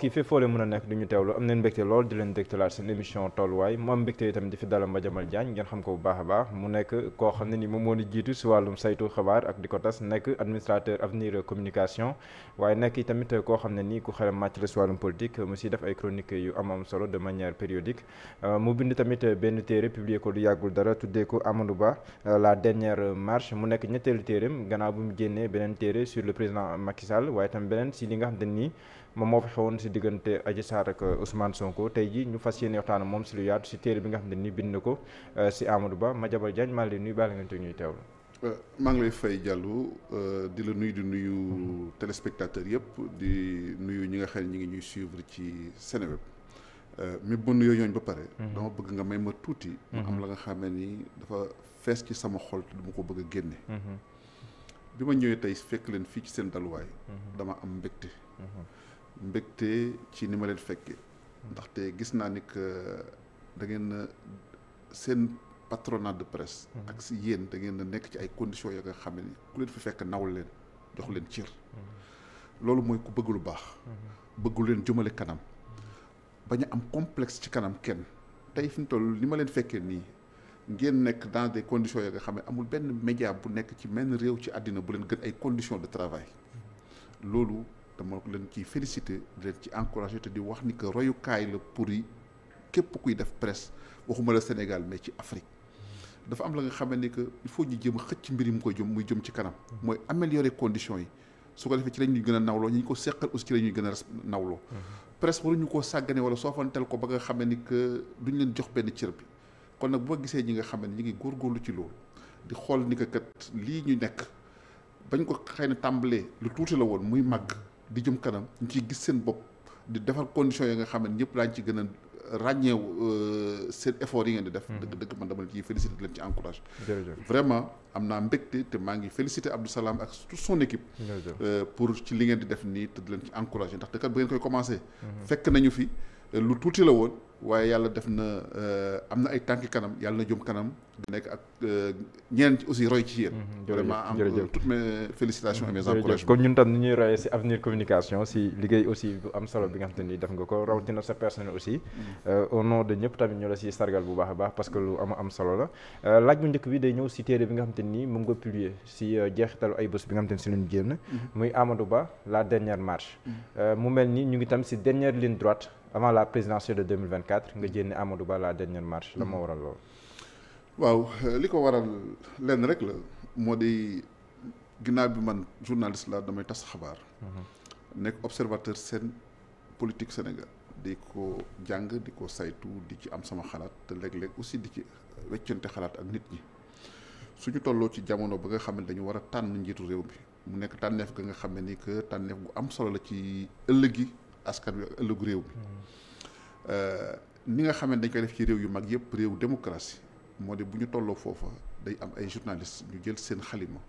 mbokk yi fi mën a nekk du ñu teewlu am nañ mbégte lool di leen dégtalaat seen émission tolluwaay mu am mbégte itam di fi dalal Mba ngeen xam ko bu baax a baax mu nekk koo xam ne ni moom moo di jiitu si wàllum saytu xabaar ak di ko tas nekk administrateur avenir communication waaye nekk i tamit koo xam ne nii ku xelam màcc la si wàllum politique mu si def ay chronique yu am am solo de manière périodique euh, mu bind tamit benn téere publier ko lu yàggul dara tuddee ko Amadou Ba euh, la dernière marche mu nekk ñetteelu téereem gannaaw bu mu beneen téere sur le président Macky Sall tam beneen si li nga xam ne nii moom moo fi xewoon si diggante Adji Sarr ak euh, Ousmane Sonko tey ji ñu fas yéene waxtaan moom si lu yaatu si téere bi nga xam ne ni bind na ko euh, si Amadou Ba Madiambal Diagne maa ngi lay te euh, maa ngi lay fay Diallo di la nuyu di nuyu téléspectateurs yëpp di nuyu ñi nga xam ne ñi ngi ñuy suivre ci Seneweb mi bënn yooyu ñooñ ba pare mhm. dama bëgg nga may ma tuuti ma mhm. am la nga xam ne ni dafa fees ci sama xol te dama ko bëgg a génne mhm. bi ma ñëwee tey fekk leen fii ci seen daluwaay dama am mbégte mbégte ci ni ma leen fekkee ndaxte gis naa ni que euh, da ngeen euh, seen patronat de presse mhm. ak si yéen da ngeen nekk ci ay conditions ya nga xam ne ku leen fi fekk naw leen jox leen cër mhm. loolu mooy ku bëgg lu baax mhm. bëggu leen jëmale kanam bañ a am complexe ci kanam kenn tey fi mu toll ni ma leen fekkee nii ngeen nekk dans de conditions ya nga xam ne amul benn média bu nekk ci menn réew ci àddina bu leen gën ay conditions de travail loolu te moo leen ciy félicité leen ci encouragé te di wax ni que royukaay la pour yi képp kuy def presse waxuma la Sénégal mais ci Afrique dafa am la nga xamante ni que il faut ñu jëm a xëcc mbir yi mu ko jëm muy jëm ci kanam. mooy améliorer conditions yi su ko defee ci la ñuy gën a nawloo ñi ko seqal aussi ci la ñuy gën a nawloo. presse waruñu koo sàggane wala soofantel ko ba nga xam ni que duñ leen jox benn cër bi kon nag boo gisee ñi nga xam ne ñu ngi góorlu ci loolu di xool ni que kat lii ñu nekk bañ ko xëy na tàmbalee lu tuuti la woon muy màgg. di jëm kanam ñu ci gis seen bopp di defar conditions yi nga xam ne ñëpp daañu ci gën a ràññeew euh, seen effort yi ngeen di def. Mm-hmm. dëgg dëgg man dama leen ciy félicité di leen ci encouragé. vraiment am naa mbégte te maa ngi félicité Abdou Salam ak toute son équipe. Euh, pour ci li ngeen di def nii te di leen ci encouragé ndax kat bu ngeen koy commencé. Mm-hmm. fekk nañu fi euh, lu tuuti la woon. waaye yàlla def na euh, am na ay tànki kanam yàlla na jëm kanam di nekk ak euh, ñeneen aussi roy ci yéen mhm, vraiment am euh, toutes mes félicitations et mes mhm, encouragements comme ñun tam ni ñuy royee si avenir communication si liggéey aussi bu am solo bi nga xam te ni def nga ko rawatina sa personnel aussi mhm. au nom de ñëpp tamit ñoo la si sargal bu baax baax parce que lu ama am solo la laaj bu njëkk bi day ñëw si téere bi nga xam te ni mu ngi ko publier si jeexitalu ay bës bi nga xam te ni si lañu génn muy Amadou Ba la dernière marche mu mel ni ñu ngi tam si dernière ligne avant la présidentielle de 2024 nga génne Amadou Ba la dernière marche la moo waral loolu waaw li ko waral lenn rek la moo di ginnaaw bi man journaliste la damay tas xabaar mhm. nekk observateur seen politique Sénégal di ko jàng di ko saytu di ci am sama xalaat te léeg-léeg aussi di ci weccante xalaat ak nit ñi suñu tolloo ci jamono ba nga xam ne dañu war a tànn njiitu réew bi mu nekk tànneef ga nga xam ne ni que tànneef gu am solo la ci ëllëg gi askan wi ak ëllëgu réew mi euh, ni nga xam ne dañ koy def ci réew yu mag yëpp réew démocratie moo de bu ñu tolloo foofa day am ay journaliste ñu jël seen xalima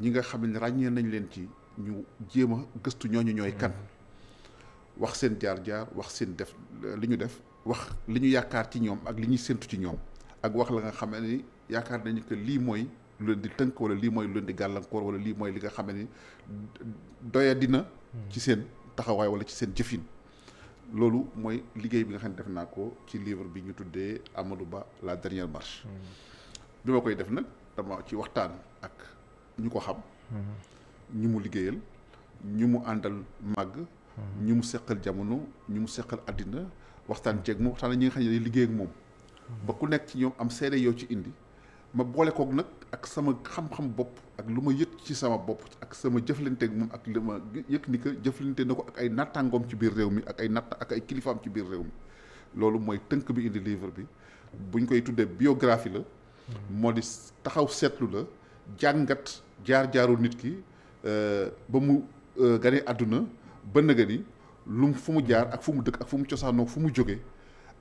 ñi nga xam ne ràññee nañ leen ci ñu jéem a gëstu ñooñu ñooy kan mm-hmm. wax seen jaar-jaar wax seen def li ñu def wax li ñu yaakaar ci ñoom ak li ñuy séntu ci ñoom ak wax la nga xam ni yaakaar nañ que lii mooy lu leen di tënk wala lii mooy lu di gàllankoor wala lii mooy li nga xam ni doya dina mm-hmm. ci seen taxawaay wala ci seen jëfin loolu mooy liggéey bi nga xam ne def naa ko ci livre bi ñu tuddee Amadou Ba la dernière marche mm-hmm. bi ma koy def nag dama ci waxtaan ak ñu ko xam mm-hmm. ñu mu liggéeyal ñu mu àndal màgg mm-hmm. ñu mu seqal jamono ñu mu seqal àddina waxtaan ceeg moom waxtaan ñi nga xam ne liggéey moom ba ku nekk ci ñoom am seede yow ci indi ma boole koog nag ak sama xam-xam bopp ak lu ma yëg ci sama bopp ak sama jëflanteeg moom ak li ma yëg ni que jëflante na ko ak ay nattaangoom ci biir réew mi ak ay natt ak ay kilifaam ci biir réew loolu mooy tënk bi indi livre bi buñ koy tuddee biographie la. Hmm. moo di taxaw seetlu la jàngat jaar-jaaru nit ki euh, ba mu euh, gane àdduna ba nëgë ni lu fu mu jaar ak fu mu dëkk ak fu mu cosaanoo fu mu jógee.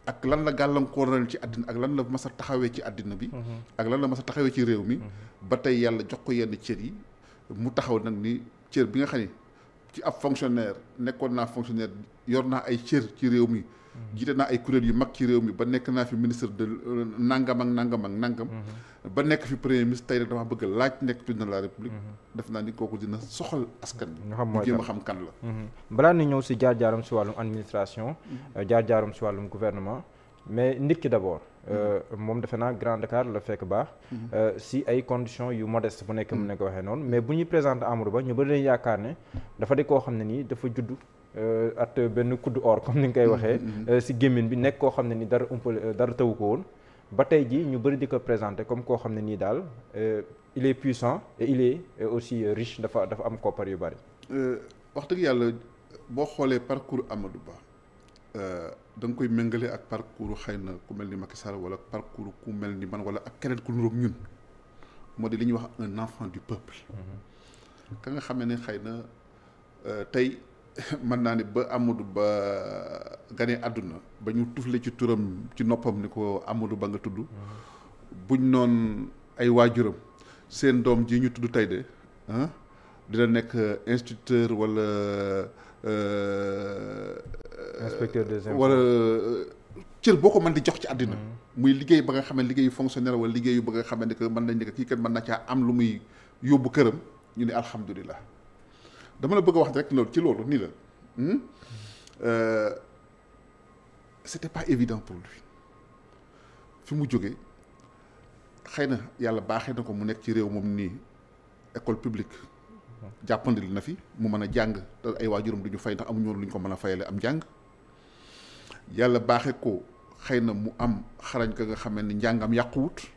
ak lan la gàllankoor gàllankooral ci àddina ak lan la mas a taxawee ci àddina bi mhm. ak lan la mas a taxawee ci réew mi mhm. ba tey yàlla jox ko yenn cër yi mu taxaw nag ni cër bi nga xam ne ci ab fonctionnaire nekkoon naa fonctionnaire yor naa ay cër ci réew mi Mm-hmm. jiite naa ay kuréel yu mag ci réew mi ba nekk naa fi ministre de euh, nangam ak nangam ak nangam. Mm-hmm. ba nekk fi premier ministre tey rek dafa bëgg laaj nekk président de la république. Mm-hmm. def naa ni kooku dina soxal askan bi ñu jéem a xam kan la. balaa ni ñëw si jaar jaaram si wàllum administration. Euh, jaar jaaram si wàllum gouvernement. mais nit ki d' abord. Euh, moom defe naa grande Dakar la fekk baax. si ay conditions yu modeste bu nekk mu ne ko waxee noonu mais bu ñuy présenté Amadou Ba ñu bëri dañuy yaakaar koo xam ne nii dafa judd. Euh, at euh, benn kuddu or comme ni nga koy waxee. Mm-hmm, mm-hmm. Euh, si gémmiñ bi nekk koo xam ne ni dara umpale dara tawu ko woon. ba tey jii ñu bëri di ko présenté comme koo xam ne nii daal il est puissant et il est aussi riche dafa dafa am koppar yu bari wax dëgg yàlla boo xoolee parcours Amadou Ba da nga koy méngale ak parcours xëy na ku mel ni Macky Sall wala parcours ku mel ni man wala ak keneen ku nuroog ñun moo di li ñu wax un enfant du peuple. Mm-hmm. ka nga xam ne xëy na tey. mën naa ne ba Amadou Ba gane àdduna ba ñu tufle ci turam ci noppam ni ko Amadou Ba nga tudd buñ noon ay waajuram seen doom ji ñu tudd tey de ah dina nekk instituteur wala euh, inspecteur des wala cër boo ko mën di jox ci àddina mm-hmm. muy liggéey ba nga xam ne liggéeyu fonctionnaire wala liggéeyu ba nga xam ne que mën nañ ne kii kat mën na caa am lu muy yóbbu këram ñu ne alhamdulilah dama la bëgg a wax rek loolu ci loolu nii la hmm? euh, c'était pas évident pour lui fi mu jóge xëy na yàlla baaxee na ko mu nekk ci réew moom nii école publique jàppandil na fi mu mën a jàng te ay waajuram du ñu fay ndax am woon lu ñu ko mën a fayale am njàng yàlla baaxee ko xëy na mu am xarañ ka nga xamee ni njàngam yàquwut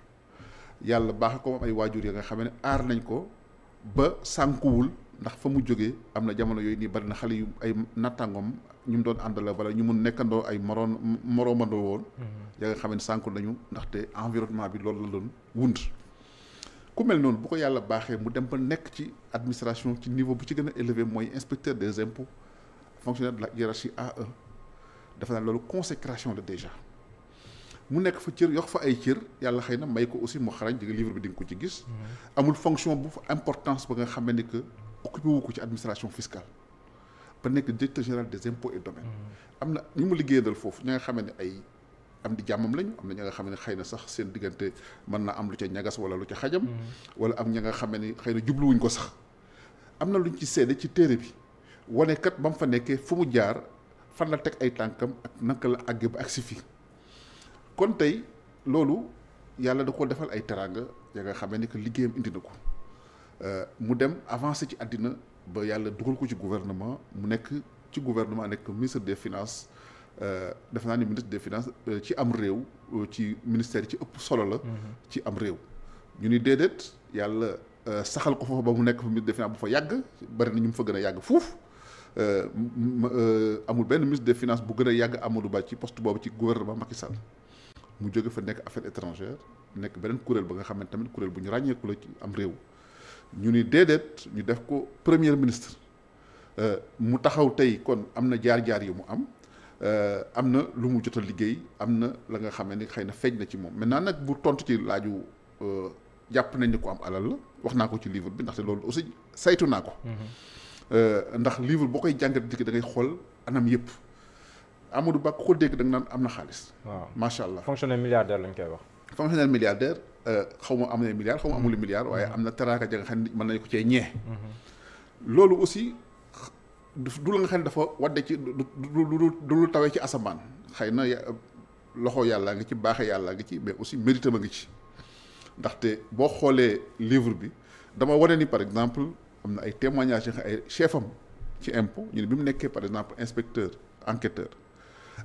yàlla baaxe ko am ay waajur yi nga xamee ne aar nañ ko ba sànkuwul ndax fa mu jógee am na jamono yooyu nii bari na xale yu ay nattangoom ñu mu doon àndal wala ñu mun nekkandoo ay moroom moroomandoo woon. Mhm. yaa nga xam ne sànku nañu ndaxte environnement bi loolu la doon wund. ku mel noonu bu ko yàlla baaxee mu dem ba nekk ci administration ci niveau bu ci gën a élevé mooy inspecteur des impôts fonctionnaire de la hiérarchie AE dafa naan loolu consécration la déjà. mu nekk fa cër yox fa ay cër yàlla xëy na may ko aussi mu xarañ di livre bi di ko ci gis. Mhm. amul fonction bu fa importance ba nga xam occupé ko ci administration fiscale ba nekk directeur général des impôts et domaines. Mm-hmm. am na ñu mu liggéeyal foofu ña nga xam ne ay am di jàmmam lañu am na ña nga xam ne xëy na sax seen diggante mën naa am lu ca ñagas wala lu ca xajam. Mm-hmm. wala am ña nga xam ne xëy na jubluwuñ ko sax. am na luñ ci seede ci téere bi wane kat ba mu fa nekkee fu mu jaar fan la teg ay tànkam ak naka la àggee ba agsi fii kon tey loolu yàlla da ko defal ay teraanga ya nga xam ne que liggéeyam indi na ko. Euh, mu dem avancé ci àddina ba yàlla dugal ko ci gouvernement mu nekk ci gouvernement nekk ministre des finances euh, def naa ni ministre des finances euh, ci am réew ci ministère yi ci ëpp solo la. Mhm. ci am réew. ñu ni déedéet yàlla saxal ko foofu ba mu nekk fa ministre des finances bu fa yàgg bari nañu mu fa gën a yàgg fuuf. amul benn ministre de finances bu gën a yàgg Amadou Ba ci post boobu ci gouvernement Macky Sall mu jóge fa nekk affaire étrangère nekk beneen kuréel ba nga xam ne kuréel bu ñu ràññeeku ci am réew. ñu ni déedéet ñu def ko première ministre euh, mu taxaw tey kon am na jaar-jaar yu mu am euh, am na lu mu jot a liggéey am na la nga xam ni xëy na feej na ci moom maintenant nag bu tontu ci laaju euh, jàpp nañ ne ko am alal la wax naa ko ci livre bi ndaxte loolu aussi saytu naa ko. Mm-hmm. ndax livre boo koy jàngat dikk da ngay xool anam yëpp Amadou Ba ku ko dégg da nga am na xaalis. waaw macha allah fonctionnaire milliardaire lañ koy wax. fonctionnaire milliardaire. Euh, xaw ma am na milliard xaw ma amul milliard waaye mm-hmm. am na teraanga ja nga xam ne mën nañu ko cee ñee. Mm-hmm. loolu aussi du la nga xam dafa wadde ci du du du tawee ci asamaan xëy na loxo yàlla ngi ci baaxe yàlla ngi ci mais aussi mérite a nga ci ndaxte boo xoolee livre bi dama wane ni par exemple am na ay témoignages ay chef am ci impôt ñu ne bi mu nekkee par exemple inspecteur enquêteur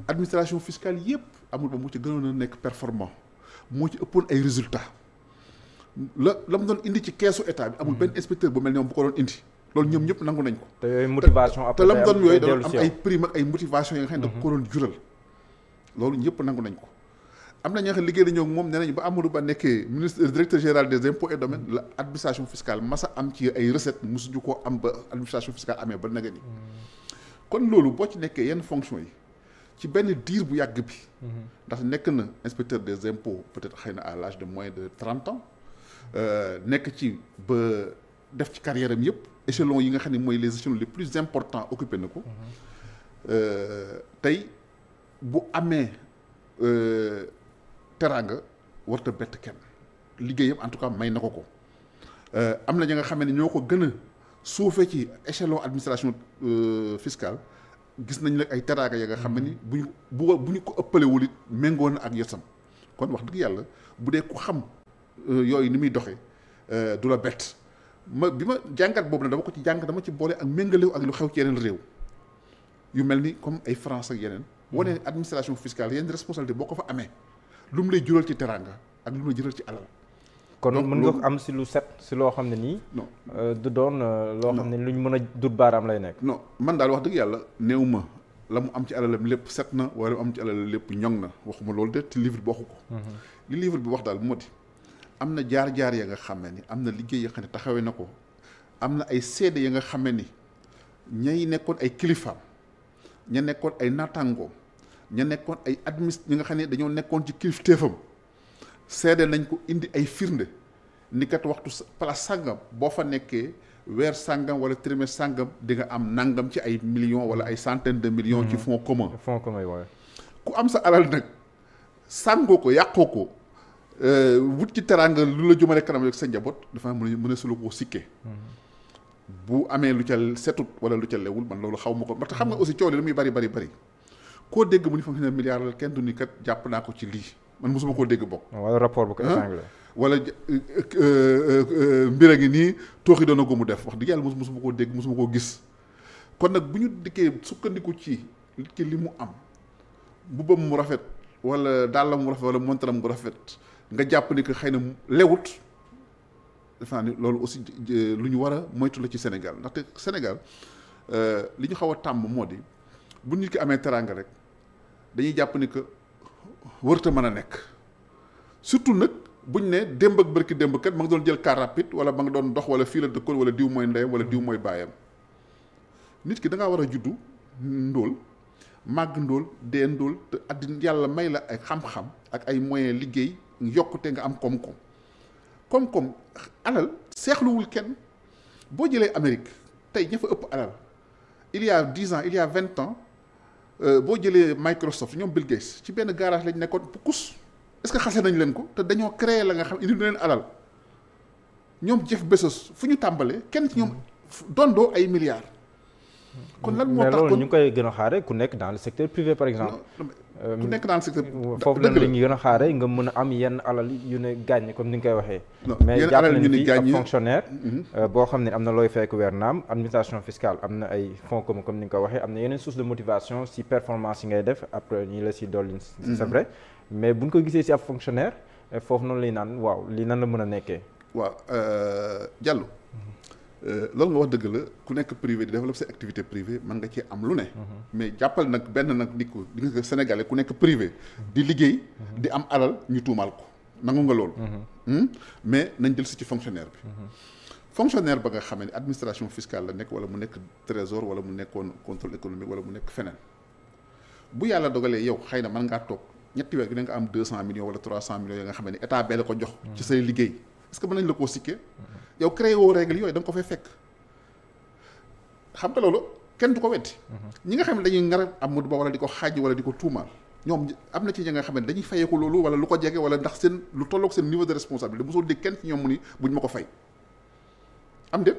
administration fiscale yëpp amul ba mu ci gënoon a nekk performant. moo ci ëppoon ay résultats la la mu doon indi ci keesu état bi. amul mm-hmm. benn inspecteur bu mel ni moom bu ko doon indi. loolu ñoom ñëpp nangu ko. te yooyu motivation après la mu doon yooyu mm-hmm. doon am loolu ñëpp nangu nañ ko. am na ñoo xam ne liggéey moom nee nañu ba Amadou Ba nekkee ministre directeur général des impôts la administration fiscale masa am ci ay recettes mosuñu koo am ba administration fiscale amee ba nagani. Mm-hmm. kon loolu boo ci nekkee yenn fonction yi. ci benn diir bu yàgg bi. Mhm. ndax nekk na inspecteur des impôts peut-être xëy na à l'âge de moins de trente ans euh, nekk ci ba def ci carrière am yëpp échelon yi nga xam ni mooy les échelons les plus importants occupé na ko. Mhm. Euh, tey bu amee euh, teraanga warut a bett kenn liggéeyam en tout cas may na ko ko am na ñi nga xam ne ñoo ko gën a suufee ci échelon administration fiscale. gis nañu nag ay teraanga ya nga xam ne ni mm. buñ bu bu ñu ko ëppalewul it méngoon na ak yosam kon wax dëgg yàlla bu dee ku xam euh, yooyu ni muy doxee euh, du la bett ma bi ma jàngat boobu nag dama ko ci jàng dama ci boole ak méngalewu ak lu xew ci yeneen réew yu mel ni comme ay France ak yeneen wane mm. administration fiscale yenn responsabilité boo ko fa amee lu mu lay jural ci teraanga ak lu mu lay jural ci alal kon mën nga am si lu set si loo xam ne nii. non euh, du doon euh, loo xam ne ñu mën a dut baaraam lay nekk. no man daal wax dëgg yàlla néew ma la mu am ci alalam lépp set na wala mu am ci alalam lépp ñoŋ na waxuma loolu de ci livre bi waxu ko. Mhm. li livre bi wax daal moo di am na jaar-jaar ya nga xam ni am na liggéey ya nga xam ne taxawee na ko am na ay seede ya nga xam ni ñay nekkoon ay kilifaam ña nekkoon ay naataangoom ña nekkoon ay administ ñi nga xam ne dañoo nekkoon ci kilifteefam. seede nañ ko indi ay firnde ni kat waxtu place sàngam boo fa nekkee weer sàngam wala trimestre sàngam di nga am nangam ci ay million wala ay centaines de millions ci mm-hmm. fonds commun fonds commun waaye ku am sa alal nag sàngoo ko yàqoo ko euh, wut ci teraanga lu la jumale kanam rek sa njaboot dafa mën mën a sula koo sikkee mm-hmm. bu amee lu ca setut wala lu ca lewul man loolu xaw ma ko ndaxte xam nga aussi coow li la muy bari bari bari koo dégg mu ni fa mu kenn du jàpp naa ko ci lii man mosuma koo dégg bokk. wala rapport bu ko ah? épinglé. wala euh, euh, euh, mbir a ngi nii tooxi doona ko mu def wax dëgg yàlla mos mosuma koo dégg mosuma koo gis kon nag bu ñu dikkee sukkandiku ci ci li mu am mbubam mu rafet wala dàllam mu rafet wala montaram mu rafet nga jàpp ni que xëy na lewut defe naa ni loolu aussi lu ñu war a moytu la ci Sénégal ndaxte Sénégal li ñu xaw a tàmm moo di bu nit ki amee teraanga rek dañuy jàpp wërta mën a nekk surtout nag buñ ne démb ak bërki démb kat ma nga doon jël car rapide wala ba nga doon dox wala fii la dëkkoon wala diw mooy ndeyam wala diw mooy baayam nit ki danga war a juddu ndóol màgg ndóol dee ndóol te àddina yàlla may la ay xam-xam ak ay moyen liggéey yokkute nga am koom-koom koom-koom alal seexluwul kenn boo jëlee Amérique tey ña fa ëpp alal il y a dix ans il vingt ans Euh, boo jëlee Microsoft ñoom Bill Gates ci benn garage lañ nekkoon pukus est-ce que xase nañ leen ko te dañoo créer la nga xam indi du leen alal ñoom Jeff Bezos fu ñu tàmbalee kenn ci ñoom dondoo ay milliards. kon lan moo tax ñu koy gën a xaare ku nekk dans le secteur privé par exemple. Euh, ku nekk daan secteur foofu la la ñu gën a xaaree nga mën a am yenn alal yu ne gàññ comme ni nga koy waxee. mais jàpp nañu ni ab fonctionnaire. Mm-hmm. Euh, boo xam ne am na looy fekk weer naam administration fiscale am na ay fonds communs comme ni nga koy waxee am na yeneen source de motivation si performance yi ngay def après ñi la si dolli. c'est mm-hmm. vrai mais buñ ko gisee si ab fonctionnaire euh, foofu noonu lay naan waaw lii nan la mën a nekkee. waaw Diallo. Euh, loolu nga wax dëgg la ku nekk privé di développer sa activité privée mën nga ci am lu ne. Mhm. mais jàppal nag benn nag nit ku di nga sénégalais ku nekk privé. Mhm. di liggéey mhm. di am alal ñu tuumaal ko nangu nga loolu. Hmm? mais nañ jël ci fonctionnaire bi. fonctionnaire ba nga xamee ne administration fiscale la nekk wala mu nekk trésor wala mu nekkoon contrôle économique wala mu nekk feneen bu yàlla dogalee yow xëy na mën ngaa toog ñetti weer gi nga am deux cent millions ne état bee la ko jox. est-ce que mën nañ la koo sikkee yow créé woo règle yooyu da ko fay fekk xam nga loolu kenn du ko weddi ñi nga xam ne dañuy ngar Amadou Ba wala di ko xaaj wala di ko tuumaal ñoom am na ci ñi nga xam ne dañuy fayeeku loolu wala lu ko jege wala ndax seen lu tolloog seen niveau de responsabilité mosoo dégg kenn ci ñoom mu ni buñ ma ko fay am déet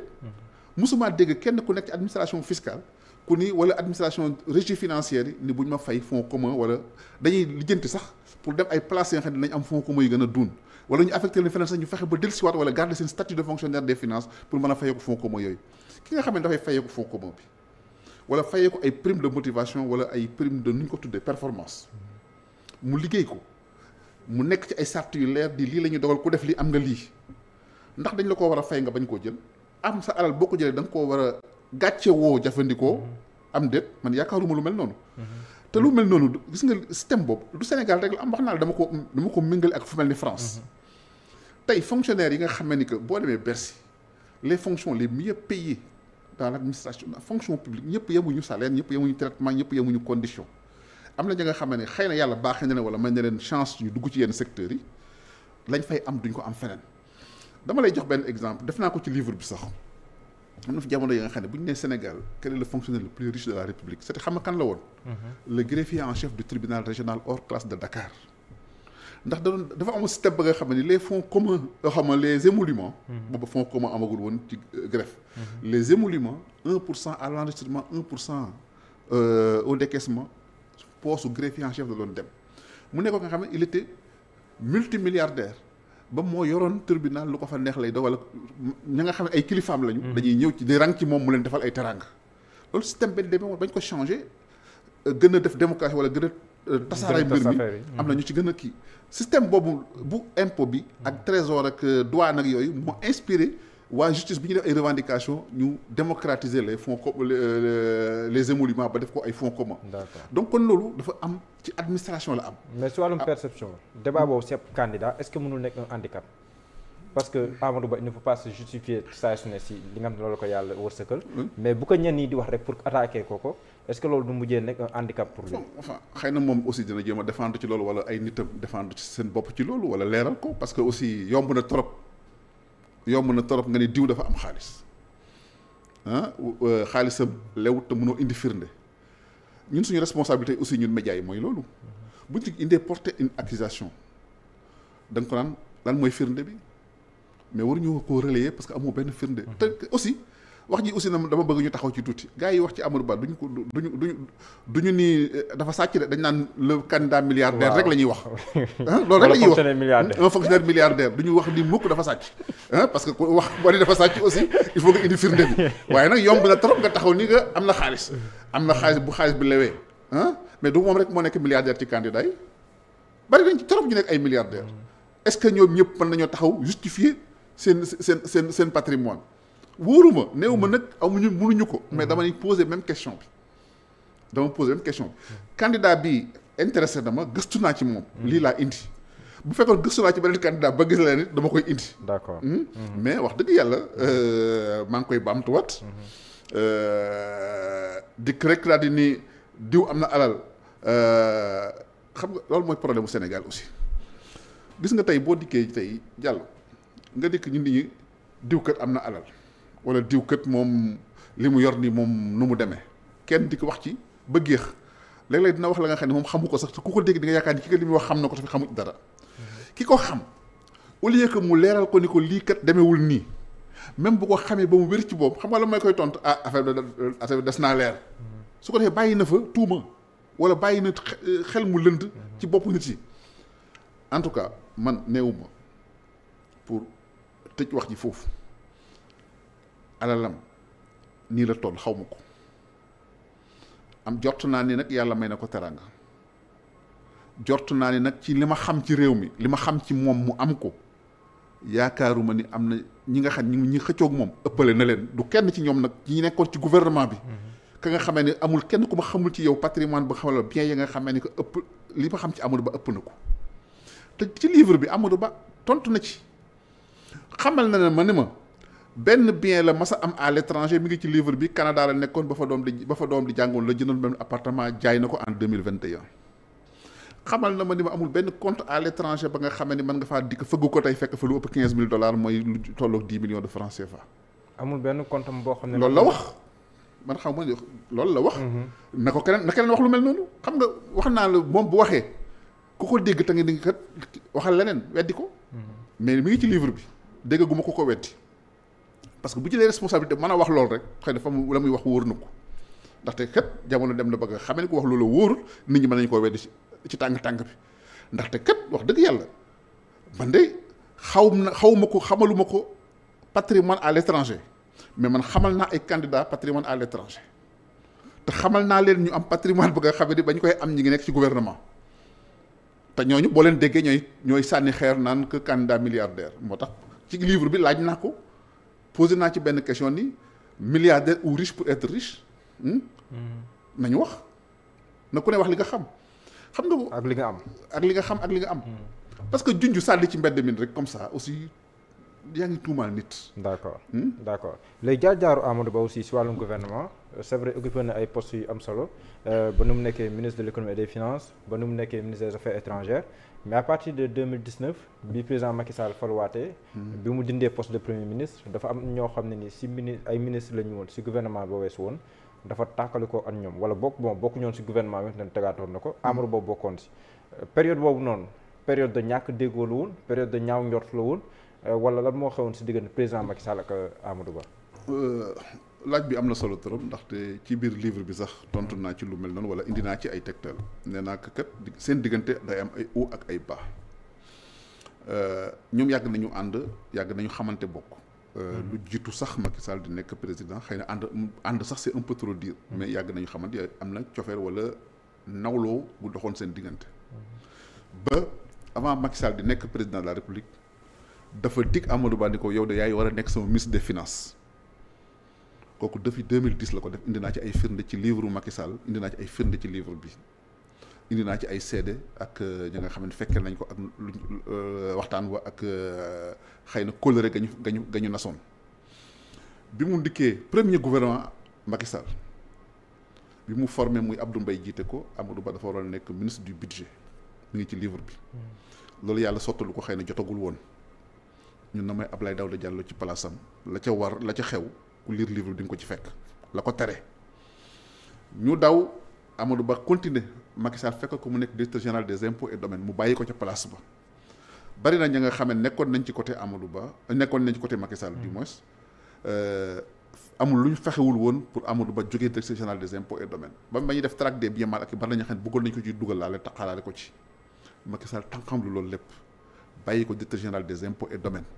mosumaa dégg kenn ku nekk ci administration fiscale ku ni wala administration régie financière yi ni buñ ma fay fonds commun wala dañuy lijjanti sax pour dem ay places yi nga xam ne dinañ am fonds commun yu gën a duun wala ñu affecté leen feneen sax fexe ba dellusiwaat wala garder seen statut de fonctionnaire des finances pour mën a fayeeku fonds commun yooyu ki nga xam ne dafay fayeeku fonds commun bi wala fayeeku ay prime de motivation wala ay prime de nu ñu ko tuddee performance mu liggéey ko mu nekk ci ay sart yu leer di lii la ñuy dogal ku def lii am nga lii ndax dañ la ko war a fay nga bañ koo jël am sa alal boo ko jëlee da nga koo war a gàcce woo jafandikoo mm-hmm. am déet man yaakaaruma lu mel noonu mm-hmm. te lu mel noonu gis nga système boobu du Sénégal rek la am wax naa la dama ko dama ko méngale ak fu mel ni France. Mhm. tey fonctionnaires yi nga xamee ni que boo demee Bercy les fonctions les mieux payées dans l' administration la fonction publique ñëpp yemuñu salaire ñëpp yemuñu traitement ñëpp yemuñu condition am na ñi nga xam ne xëy na yàlla baaxee na leen wala may na leen chance ñu dugg ci yenn secteurs yi lañ fay am duñ ko am feneen dama lay jox benn exemple def naa ko ci livre bi sax. am na fi jamono yi nga xam ne bu ñu nee Sénégal quel est le fonctionnaire plus riche de la République c'était xam la woon. Mhm. le greffier en chef du tribunal régional hors classe de Dakar. ndax da doon dafa am système ba nga xam ne les fonds communs yoo xam ne les émoluments. Mhm. boobu fonds commun amagul woon ci euh, greffe. Mhm. les émoluments 1 pour cent à l'enregistrement 1 pour cent euh, au décaissement poste su greffier en chef da doon dem mu nekk nga xam ne il était multimilliardaire. ba moo yoroon tribunal lu ko fa neex lay dogal ak ña nga xam ne ay kilifaam lañu. Mm-hmm. dañuy ñëw ci di rang ci moom mu leen defal ay teraanga. loolu système benn demee woon bañ ko changé euh, gën a def démocratie walla gën a euh, tasaare mbir mi mm-hmm. am na ñu ci gën a kii système boobu bu impôt bi ak mm-hmm. trésor ak euh, douane ak yooyu moo inspiré. waa justice bi ñu def ay revendications ñu démocratiser les fonds co les émoluments ba def ko ay fonds communs. donc kon loolu dafa am ci administration la am. mais si wàllum ah. perception. débat boobu c'est candidat est-ce que mënul nekk un handicap. parce que Amadou Ba il ne li nga xam ne loolu ko yàlla wërsëgal. mais bu ko ñenn ñi di wax rek pour attaquer ko ko est-ce que loolu du mujjee nekk un handicap pour lui. enfin xëy na moom aussi dina jéem a défendre ci loolu wala ay nitam défendre ci seen bopp ci loolu wala leeral ko parce que aussi yomb na trop. yomb na torop nga ni diw dafa am xaalis ah xaalisam lewut te mënoo indi firnde ñun suñu responsabilité aussi ñun médias yi mooy loolu buñ ci indee porter une accusation da nga ko naan lan mooy firnde bi mais waruñu ko relayer parce que amoo benn firnde mhm. te aussi wax ji aussi na dama bëgg ñu taxaw ci tuuti gars yi wax ci Amadou Ba ñu ko ñu duñu duñu ni eh, dafa sàcc de dañ naan le candidat milliardaire rek la ñuy wax ah, loolu rek la ñuy wax un fonctionnaire ñu duñu wax ni mukk dafa sàcc ah parce que ku wax boo ne dafa sàcc aussi il faut nga indi firnde bi waaye nag yomb na trop nga taxaw ni nga am na xaalis am na xaalis bu xaalis bi lewee ah mais du moom rek moo nekk milliardaire ci candidat yi bari nañ ci trop ñu nekk ay milliardaire mm. est-ce que ñoom ñëpp mën nañoo taxaw justifier seen seen seen seen patrimoine wóoru ma néew ma hmm. nag amuñu mënuñu ko. mais hmm. dama ni poser même question bi dama poser même question bi. Hmm. candidat bi intéressé dama gëstu naa ci moom. lii laa indi. bu fekkoon gëstu naa ci beneen candidat ba gis la dama koy indi. d'accord mais wax dëgg yàlla euh, maa ngi koy baamtuwaat. Euh, dikk rek daal di ni diw am na alal euh, xam nga loolu mooy problème Sénégal aussi gis nga tey boo dikkee tey jàll nga dikk ñu nit ñi diw kat am na alal. wala diw kët moom li mu yor nii moom nu mu demee kenn di ko wax ci ba géex léeg-léeg dina wax la nga xam ne moom xamu ko sax ku ko dégg di nga yaakaar ni ki kat li xam na ko te xamu dara ko xam au lieu que mu leeral ko ni ko lii kat demewul nii même bu ko xamee ba mu wér ci boobu xam nga la may koy tont ah affaire bi des naa leer su ko defee bàyyi na fa tuuma wala bàyyi na xel mu lënd ci bopp nit yi en tout cas man néewuma pour tëj wax ji foofu alalam nii la toll xaw ma ko am jort naa ni nag yàlla may na ko teraanga jort naa ni nag ci li ma xam ci réew mi li ma xam ci moom mu am ko yaakaaruma ni am na ñi nga xam ñi xëccook moom ëppale na leen du kenn ci ñoom nag ñi nekkoon ci gouvernement bi mm-hmm. ka nga xamee ne amul kenn ku ma xamul ci yow patrimoine ba xamal bien ya nga xamee ni ko ëpp li ma xam ci Amadou Ba ëpp na ko te ci livre bi Amadou Ba tontu na ci xamal na ne ma ni ma benn bien la masa am à l'étranger mi ngi ci livre bi Canada la nekkoon ba fa doom di ba fa doom di jàngoon la jëndoon benn appartement jaay na ko en deux xamal na ma ni ma amul benn compte à l'étranger ba nga xamee ni mën nga faa dikk fëgg ko tey fekk fa lu ëpp quinze mille dollars mooy lu tolloog dix millions de francs CFA. amul benn compte am boo xam ne. loolu la wax man xam nga loolu la wax. Mhm. na ko keneen na keneen wax lu mel noonu xam nga wax naa la moom bu waxee ku ko dégg te nga ni kat waxal leneen weddi ko. Mhm. mais mi ngi ci livre bi dégg gu ko ko weddi. parce que bu jëlee responsabilité mën a wax loolu rek xëy na fa mu na ko ndaxte kat jamono dem na bëgg xam ne ko wax loolu wóorul nit ñi mën nañu koo weddi ci tànk tànk bi ndaxte kat wax dëgg yàlla man de xawum na xawuma ma ko xamaluma ko patrimoine à l'étranger mais man xamal naa ay candidat patrimoine à l'étranger te xamal naa leen ñu am patrimoine ba nga xam ne ba ñu koy am ñi ngi nekk ci gouvernement te ñooñu boo leen déggee ñooy ñooy sànni xeer naan que candidat milliardaire moo tax ci livre bi laaj naa ko posé naa ci benn question ni milliardaire ou riche pour être riche. Hmm? Hmm. nañu wax na ku ne wax li nga xam. xam nga ak li nga am ak li nga xam ak li nga am. Hmm. parce que junj sànni ci mbedd mi rek comme ça aussi yaa ngi tuumaal nit. d' accord d' accord léegi jaar-jaaru Amadou Ba aussi si wàllum gouvernement c' est vrai na ay postes yu am solo euh, ba nu mu nekkee ministre de l' économie et des finances ba nu mu nekkee ministre des affaires étrangères. mais à de de 2019 bi président Macky Sall faluwaatee hmm. bi mu dindee poste de premier ministre dafa am ñoo xam ne ni si mini ay ministre la woon si gouvernement ba weesu woon dafa tàkkali ko ak ñoom wala bokk boo bokk ñoon si gouvernement bi dañ tegaatoon na ko hmm. amaro boobu bokkoon si euh, période boobu noonu période de ñàkk déggoo la woon période de ñaaw njort la woon euh, wala lan moo xewoon si diggante président Macky Sall ak euh, Amadou Ba laaj bi am na solo trop ndaxte ci biir livre bi sax tontu naa ci lu mel noonu wala indi naa ci ay tegtal nee naa kat seen diggante day am ay hauts ak ay bas euh, ñoom yàgg nañu ànd yàgg nañu xamante bokk. Euh, hmm. lu jiitu sax Macky Sall di nekk président xëy na ànd ànd sax c'est un peu trop dire. Hmm. mais yàgg nañu xamante am na cofeer wala nawloo bu doxoon seen diggante. Hmm. ba avant Macky Sall di nekk président de la République dafa dig Amadou Ba ni ko yow de yaay war a nekk sama ministre des finances. kooku depuis 2010 la ko def indi naa ci ay firnde ci livre Macky Sall indi naa bi indi naa ci ay seede ak euh, ñi nga xam ne fekkee nañ ko ak luñ euh, waxtaan wa ak euh, xëy na kóllëre gañu gañu gañu nasoon bi mu ndikkee premier gouvernement Macky Sall bi mu formé muy Abdou mbay jiite ko Amadou Ba dafa waroon nekk ministre du budget mi ngi ci livre bi mm. loolu yàlla sottalu ko xëy na jotagul woon ñun na may la Daouda Diallo ci palaasam la ca war la ca xew ku liir livre bi di nga ko ci fekk la ko tere ñu daw Amadou Ba continuer Macky Sall fekk ko mu nekk directeur général des impôts et domaines mu bàyyi ko ca place ba bari na ña nga xam ne nekkoon nañ ci côté amalu Ba nekkoon nañ ci côté Macky Sall du mm. moins euh, amul lu ñu fexewul woon pour Amadou Ba jógee directeur général des impôts et domaines ba ba ñuy def traque des biens mal ak bari nañu xam ne nañ ko ciy dugal laale taxalaale ko ci Macky Sall tànqamlu loolu lépp bàyyi ko directeur général des impôts et domaines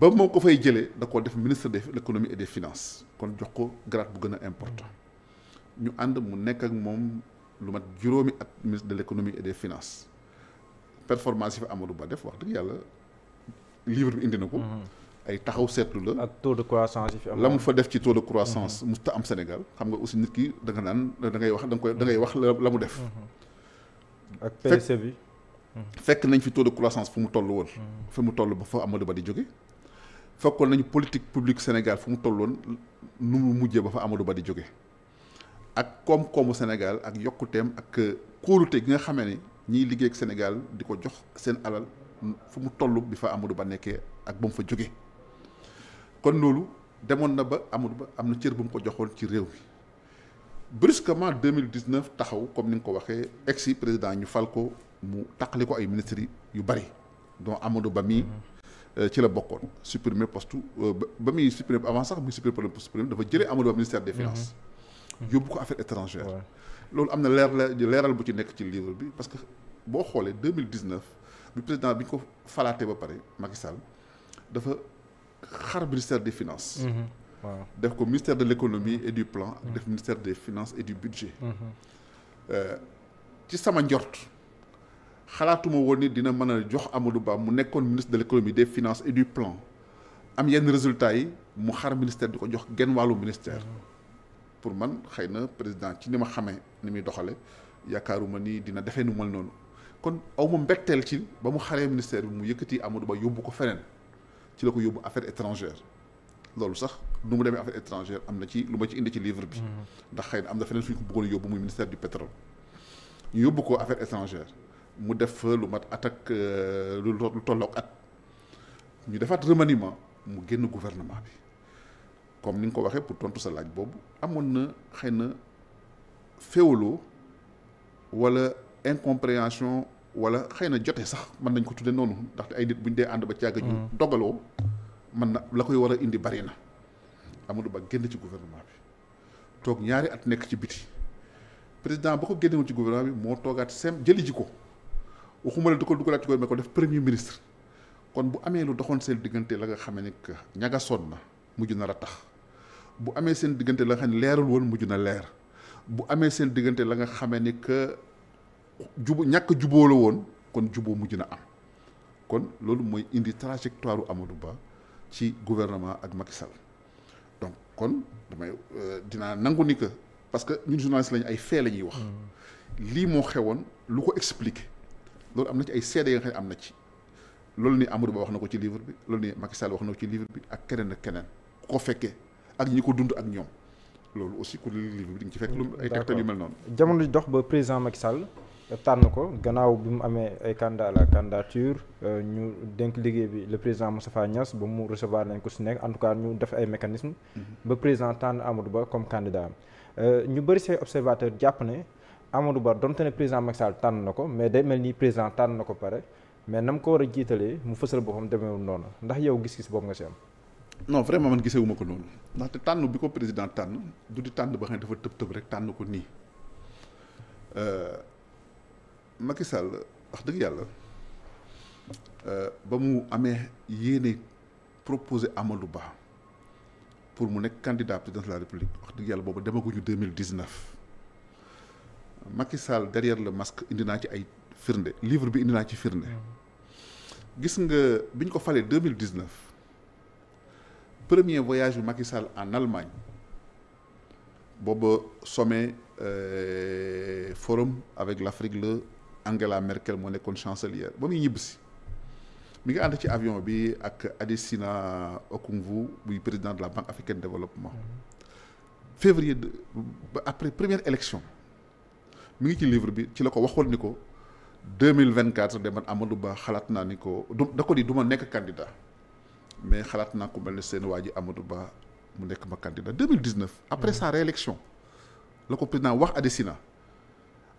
ba moo ko fay jëlee da koo def ministre de l'économie et des finances kon jox ko grade bu gën a important ñu ànd mu nekk ak moom lu mat juróomi ak ministre de l'économie et des finances performance yi fa Amadou Ba def wax dëgg yàlla livre bi indi na ko. Mm-hmm. ay taxaw seetlu la. ak taux de croissance yi la mu fa def ci taux de croissance. Mm-hmm. musta am Sénégal xam nga aussi nit ki da nga naan da wax da koy da ngay wax la mu def. Mm-hmm. ak PSE bi. fekk nañ fi taux de croissance fu mu toll woon. fi mu toll ba fa Amadou Ba di jóge fekkoon nañu politique publique Sénégal fu mu tolloon nu mu mujjee ba fa Amadou Ba di jóge ak koom-koomu Sénégal ak yokkuteem ak kóolute gi nga xame ni ñiy liggéey ak Sénégal di ko jox seen alal fu mu toll bi fa Amadou Ba nekkee ak ba mu fa jóge kon loolu demoon na ba Amadou Ba am na cër bu mu ko joxoon ci réew mi brusquement 2019 taxaw comme ni nga ko waxee ex président ñu fal ko mu taqali ko ay ministres yu bari dont Amadou Ba mii. Euh, ci la bokkoon supprimer poste euh, ba muy supprimer avant sax muy supprimer poste premier dafa jëlee Amadou Ba ministère des finances mm-hmm. Mm-hmm. yóbbu ko affaire étrangère loolu am na leer leeral bu ci nekk ci livre bi parce que boo xoolee 2019 bi président bi ñu ko falaatee ba pare Macky Sall dafa xar ministère de finance mm-hmm. waaw def ko ministère de l'économie et du plan def ministère des finance et du budget euh, ci sama njort xalaatuma woon ni dina mën a jox Amadou Ba mu nekkoon ministre de l' économie des finances et du plan am yenn résultat yi mu xar ministère di ko jox genn wàllu ministère pour man xëy na président ci ni ma xamee ni muy doxale yaakaaruma nii dina defee nu mel noonu kon aw ma ci ba mu xaree ministère bi mu yëkkati Amadou Ba yóbbu ko feneen ci la ko yóbbu affaire étrangère loolu sax nu mu demee affaire étrangère am na ci lu ma ci indi ci livre bi mm-hmm. ndax xëy am na feneen suñ ko bëggoon yóbbu muy ministère du pétrole ñu yóbbu ko affaire étrangère mu def fa lu mat attaque euh, lu tollook at ñu defaat remaniement mu génn gouvernement bi comme ni nga ko waxee pour tontu sa laaj boobu amoon na xëy na féewaloo wala incompréhension wala xëy na jote sax man nañ ko tuddee noonu ndaxte ay nit ñu dee ànd ba càgg ñu mm. dogaloo mën na la koy war a indi bari na Amadou Ba génn ci gouvernement bi toog ñaari at nekk ci biti président ba ko génnewul ci gouvernement bi moo toogaat sem jëli ji ko waxuma la du ko dugalaat ci ko mais ko def premier ministre kon bu amee lu doxoon seen diggante la nga xamee ni que ñaga sonn na mujj na la tax bu amee seen diggante la nga xam ne leerul mujj na leer bu amee seen diggante la nga xamee ni que ñàkk juboo la woon kon juboo mujj na am kon loolu mooy indi trajectoire Amadou Ba ci gouvernement ak Macky Sall donc kon damay euh, dinaa nangu ni que parce que ñun journaliste ay fee la ñuy wax mm. lii moo xewoon lu ko expliquer loolu am na ci ay seede yoo xam ne am na ci loolu ni Amadou Ba wax na ko ci livre bi loolu ni Macky wax na ko ci livre bi ak keneen ak keneen ku ko fekkee ak ñi ko dund ak loolu aussi ku livre bi di ci fekk lu ay tegtal yu mel noonu. jamono ji dox ba président Macky Sall euh, tànn ko gannaaw bi mu amee ay candidat la candidature euh, ñu dénk liggéey bi le président Moustapha Niass ba mu recevoir nañ ko nekk en tout cas ñu def ay mécanismes. Mhm. ba président tànn Amadou Ba comme candidat euh, ñu bëri say observateur jàpp ne. Amadou Ba donte ne président Macky tànn na ko mais day mel ni président tànn na ko pare mais nam ko war a jiitalee mu fësal boppam demeewul noonu ndax yow gis-gis boobu nga si am. non vraiment man gisewuma ko noonu ndaxte tànn bi ko président tànn du di tànn ba xam ne dafa tëb tëb rek tànn ko nii euh, Macky wax dëgg yàlla euh, ba mu amee yéene proposé Amadou Ba pour mu nekk candidat président la République wax dëgg yàlla boobu demaguñu deux mille dix-neuf Macky Sall derrière le masque indi naa ci ay firnde livre bi indi naa ci firnde mm. gis nga biñ ko falee deux mille dix neuf premier voyage bu Macky Sall en Allemagne booba sommet euh, forum avec l'Afrique la Angela Merkel moo nekkoon chancelière ba muy ñibb mu ngi ànd ci avion bi ak Adesina Okungwu buy président de la Banque africaine de développement mm. février ba après première élection mu ngi ci livre bi ci la ko waxoon ni ko 2024 de man Amadou Ba xalaat naa ni ko du da ko di du ma nekk candidat mais xalaat naa ko mel ne seen waa ji Amadou Ba mu nekk ma candidat 2019. après mm. sa réélection la ko président wax Adesina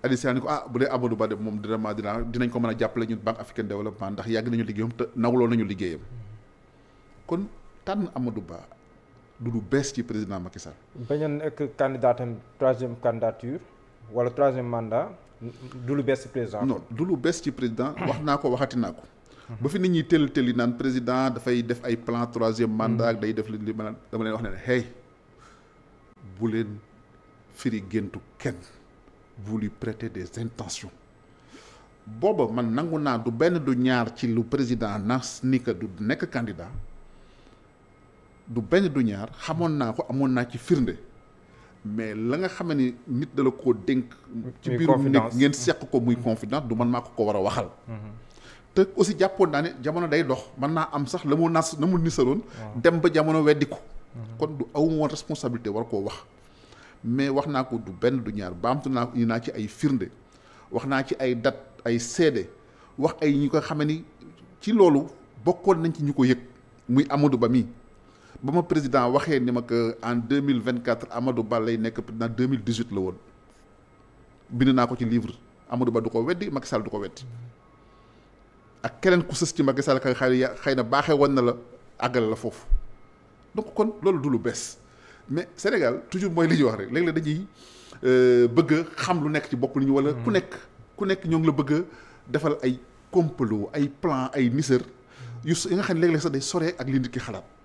Adesina ni ko ah bu dee Amadou Ba de moom vraiment dinaa dinañ ko mën a jàppale ñun Banque africaine de développement ndax yàgg nañu liggéeyam te nawloo nañu liggéeyam kon tànn Amadou Ba du bees ci président Macky Sall. bañ a nekk candidatam troisième candidature. wala troisième mandat du lu bees ci président. du lu bees ci président wax naa ko waxati naa ko. ba fi nit ñi tëll tëll yi naan président dafay def ay plan troisième mandat ak day def li li dama leen wax ne hey bu leen firi géntu kenn vous lui prêtez des intentions. booba man nangu naa du benn du ñaar ci lu président nas ni que du nekk candidat du benn du ñaar xamoon naa ko amoon naa ci firnde. mais la nga xam ni nit dala koo dénk. ci biirum nekk ngeen seq ko muy mm-hmm. confidence du man maa ko ko war a waxal. Mm-hmm. te aussi jàppoon naa ne jamono day dox man naa am sax la mu nas na mu nisaroon. dem ba jamono ko mm-hmm. kon du awuma woon responsabilité war koo wax. mais wax naa ko du benn du ñaar baamtu naa ko indi naa ci ay firnde wax naa ci ay dat ay seede wax ay ñi ko xam ni ci loolu bokkoon nañ ci ñu ko yëg muy Amadou Ba mii. ba ma président waxee ni mag en deux mille vingt quatre Amadou Ba lay nekk président deux mille dix huit la woon bind naa ko ci livre Amadou Ba du ko weddi Macky Sall du ko weddi ak keneen ku sës ci Macky Sall kay xëy xëy na baaxee woon na la àggale la foofu donc kon loolu du lu bees mais Sénégal toujours mooy li ñuy wax rek léeg-léeg dañuy euh, bëgg xam lu nekk ci bopp li ñu wala ku hmm. nekk ku nekk ñoo ngi la bëgg defal ay complot ay plan ay nisër yu yi nga xam ne léeg-léeg sax day sore ak li nit ki xalaat.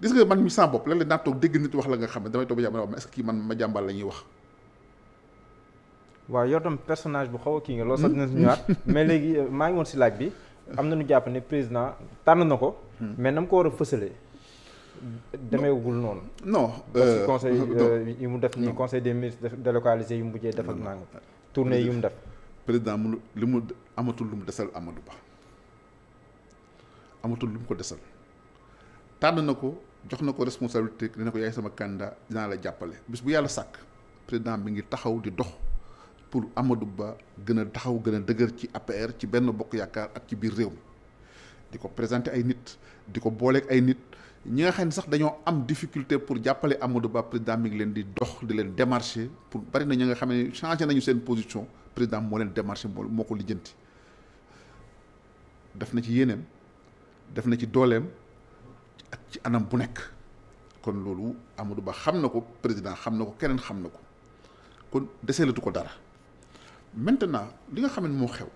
gis nga man mi sans bopp léeg-léeg naa toog dégg nit wax la nga xam ne damay toog ba jàmbal est-ce que kii man ma jàmbal la wax. waaw yow tam personnage bu xaw a kii nga. loolu sax hmm? dina si ñëwaat hmm? mais léegi euh, maa ngi woon si laaj bi am na ñu jàpp ne président tànn na ko. Hmm. mais na mu ko war a demee demeewul noonu. non parce que euh, conseil euh, yi mu def nii conseil des ministres délocalisé yu mu mujjee def ak nangam. tournée yu mu def. président mu li mu amatul lu mu desal Amadou Ba amatul lu mu ko desal tànn na ko. jox na ko responsabilité dina ko yaay sama candidat dinaa la jàppale bis bu yàlla sàkk président bi ngi taxaw di dox pour Amadou Ba gën a taxaw gën a dëgër ci APR ci benn bokk yaakaar ak ci biir réew di ko présenter ay nit di ko booleeg ay nit ñi nga xam ne sax dañoo am difficulté pour jàppale Amadou Ba président mi ngi leen di dox di leen démarché pour bari na ñi nga xam ne changé nañu seen position président moo leen démarché moo moo ko lijjanti def na ci yéeneem def na ci dooleem. ci anam bu nekk kon loolu Amadou Ba xam na ko président xam na ko keneen xam na ko kon deseelatu ko dara maintenant li nga xam ne moo xew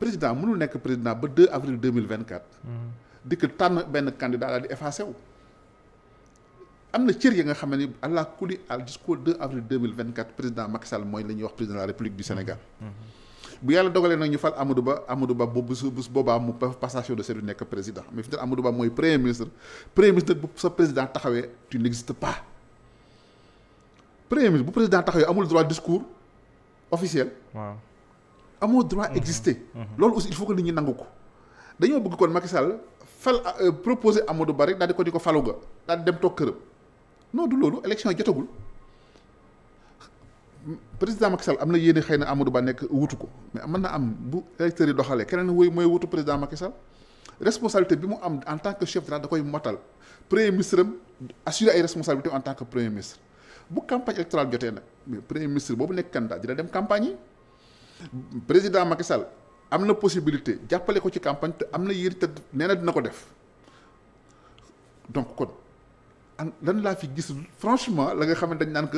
président mënul nekk président ba 2 avril 2024. Mm-hmm. di ko tànn benn candidat daal di effacé wu. am na cër yi nga xam ne allah kulli al jusqu'au 2 avril 2024 président Macky Sall mooy la ñuy wax président la république du Sénégal. Mm-hmm. bu yàlla dogalee nag ñu fal Amadou Ba amadu Ba bu bu boobaa mu passation de service nekk président mais fi mu Amadou Ba mooy premier ministre premier ministre bu sa président taxawee tu n'existes pas premier ministre bu président taxawee amul droit discours officiel. waaw amoo droit mhm. exister. Mhm. loolu aussi il faut que nit ñi nangu ko. dañoo bëgg kon Macky Sall fal euh, proposé Amadou Ba rek daal di ko di ko falu ga daal di dem toog këram non du loolu élection jotagul. président Macky Sall am na yéene xëy na Amadou Ba nekk wutu ko mais man na am bu électeurs yi doxalee keneen woy mooy wutu président Macky Sall responsabilité bi mu am en tan que chef d'État da koy motal premier ministre am ay responsabilités en tant que premier ministre bu campagne électorale jotee nag mais premier ministre boobu nekk candidat dina dem campagne yi président Macky Sall am na possibilité jàppale ko ci campagne te am na yéen te nee dina ko def donc kon laa fi gis franchement la nga xam ne naan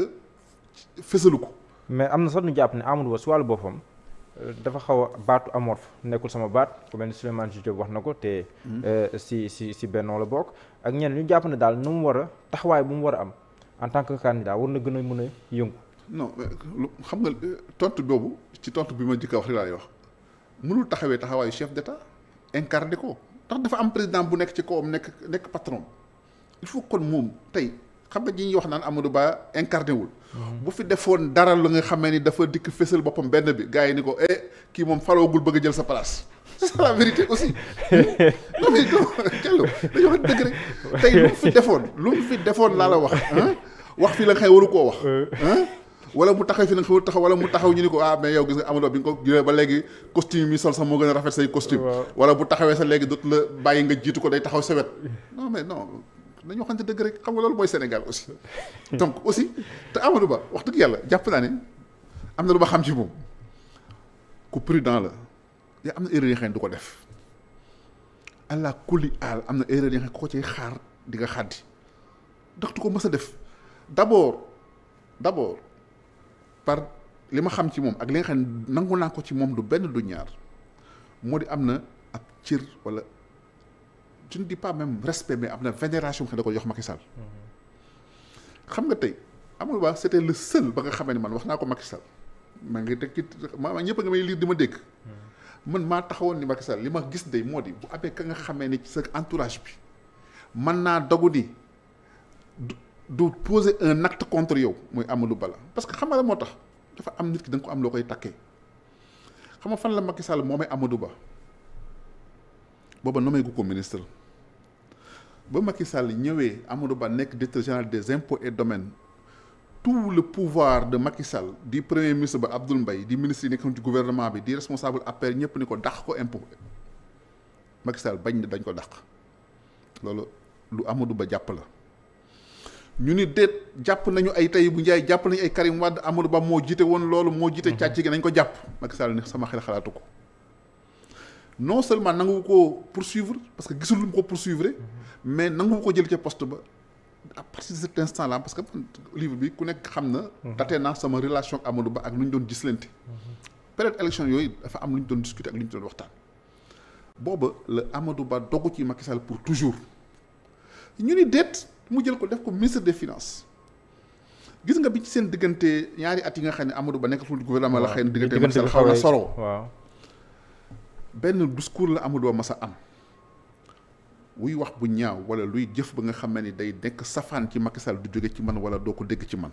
fësalu ko. mais am na sol ñu jàpp ne Amadou Ba si wàllu boppam dafa xaw a baatu amorphe nekkul sama baat ku mel ni Souleymane Jules Diop wax na ko te. Mm-hmm. Euh, si si si Benno la bokk. ak ñan ñu jàpp ne daal nu mu war a taxawaay bu mu war a am en tant que candidat war na gën a mën a yëngu. non xam nga euh, tontu boobu ci tontu bi ma jëkk a wax li laay wax mënul taxawee taxawaayu chef d'état incarné ko ndax dafa am président bu nekk ci kawam nekk nekk patron il faut tey. xam nga ñi wax naan Amadou Ba incarné wul. bu fi defoon dara lu nga xamee ni dafa dikk fësal boppam benn bi gaa yi ni ko eh kii moom faloogul bëgg jël sa place. c'est la vérité aussi non mais Diallo dañoo wax dëgg mu fi defoon lu fi defoon laa la wax wax fii la nga xëy waru koo wax. wala mu taxaw fi na nga xamul taxaw wala mu taxaw ñu ni ko ah mais yow gis nga Amadou Ba bi nga ko jëlee ba léegi costume yi sol sax moo gën a rafet say costume. wala bu taxawee sa léegi dootu la bàyyi nga jiitu ko day taxaw sa wet non xam waxante dëgg rek xam nga loolu mooy Sénégal aussi donc aussi te Amadou Ba wax dëgg yàlla jàpp naa ne am na lu ma xam ci moom ku prudent la yaa am na erreur yi xëy du ko def allah kulli aal am na erreur yi nga ko ciy xaar di nga xaddi ndax ko mës a def d'abord d'abord par li ma xam ci moom ak li nga xam nangu naa ko ci moom du benn du ñaar moo di am na ab cir wala. tu ne dis pas même respect mais am na vénération bi xam ne da ko xam nga tey Amadou Ba c'était le seul ba nga xamee ne man wax naa ko Macky Sall maa ngi dëkk maa maa ñëpp nga may lire di ma dégg. man maa taxawoon ni Macky Sall li ma gis day moo di bu amee ka nga xamee ni sa entourage bi man naa dogu di du poser un acte contre yow muy Amadou Ba la parce que xam nga la moo tax dafa am nit ki da ko am loo koy takkee xam fan la Macky moo may Amadou Ba booba nommé gu ko ministre. ba Macky ñëwee amalu Ba nekk directeur général des impôts et domaines tout le pouvoir de Macky Sall di premier ministre ba Abdoul mbay di ministre yi nekk ci gouvernement bi di responsable APR ñëpp ni ko dàq ko impôt Macky Sall bañ na dañ ko dàq loolu lu Amadou Ba jàpp la ñu ni déet jàpp nañu ay Tahibou Ndiaye jàpp nañu ay Karim amalu Amadou Ba moo jiite woon loolu moo jiite mhm. càcc gi nañ ko jàpp Macky Sall ni sama xel xalaatu ko non seulement nangu ko poursuivre parce que gisul lu mu ko poursuivre mais nangu ko jël ca post ba à partir de cet parce que livre bi ku nekk xam na. datee naa sama relation ak Amadou Ba ak lu ñu doon gislante. période élection yooyu dafa am lu ñu doon discuter ak lu ñu doon waxtaan. booba la Amadou Ba dogu ci Macky Sall pour toujours ñu ni déet mu jël ko def ko ministre des finances gis nga bi ci seen diggante ñaari at yi nga xam ne Amadou Ba nekk fu gouvernement la xëy na diggante Macky Sall xaw na soroo waaw benn discours la Amadou Ba mas a am wuy wax bu ñaaw wala luy jëf ba nga xam ne ni day nekk safaan ci Macky Sall du jóge ci man wala doo ko dégg ci man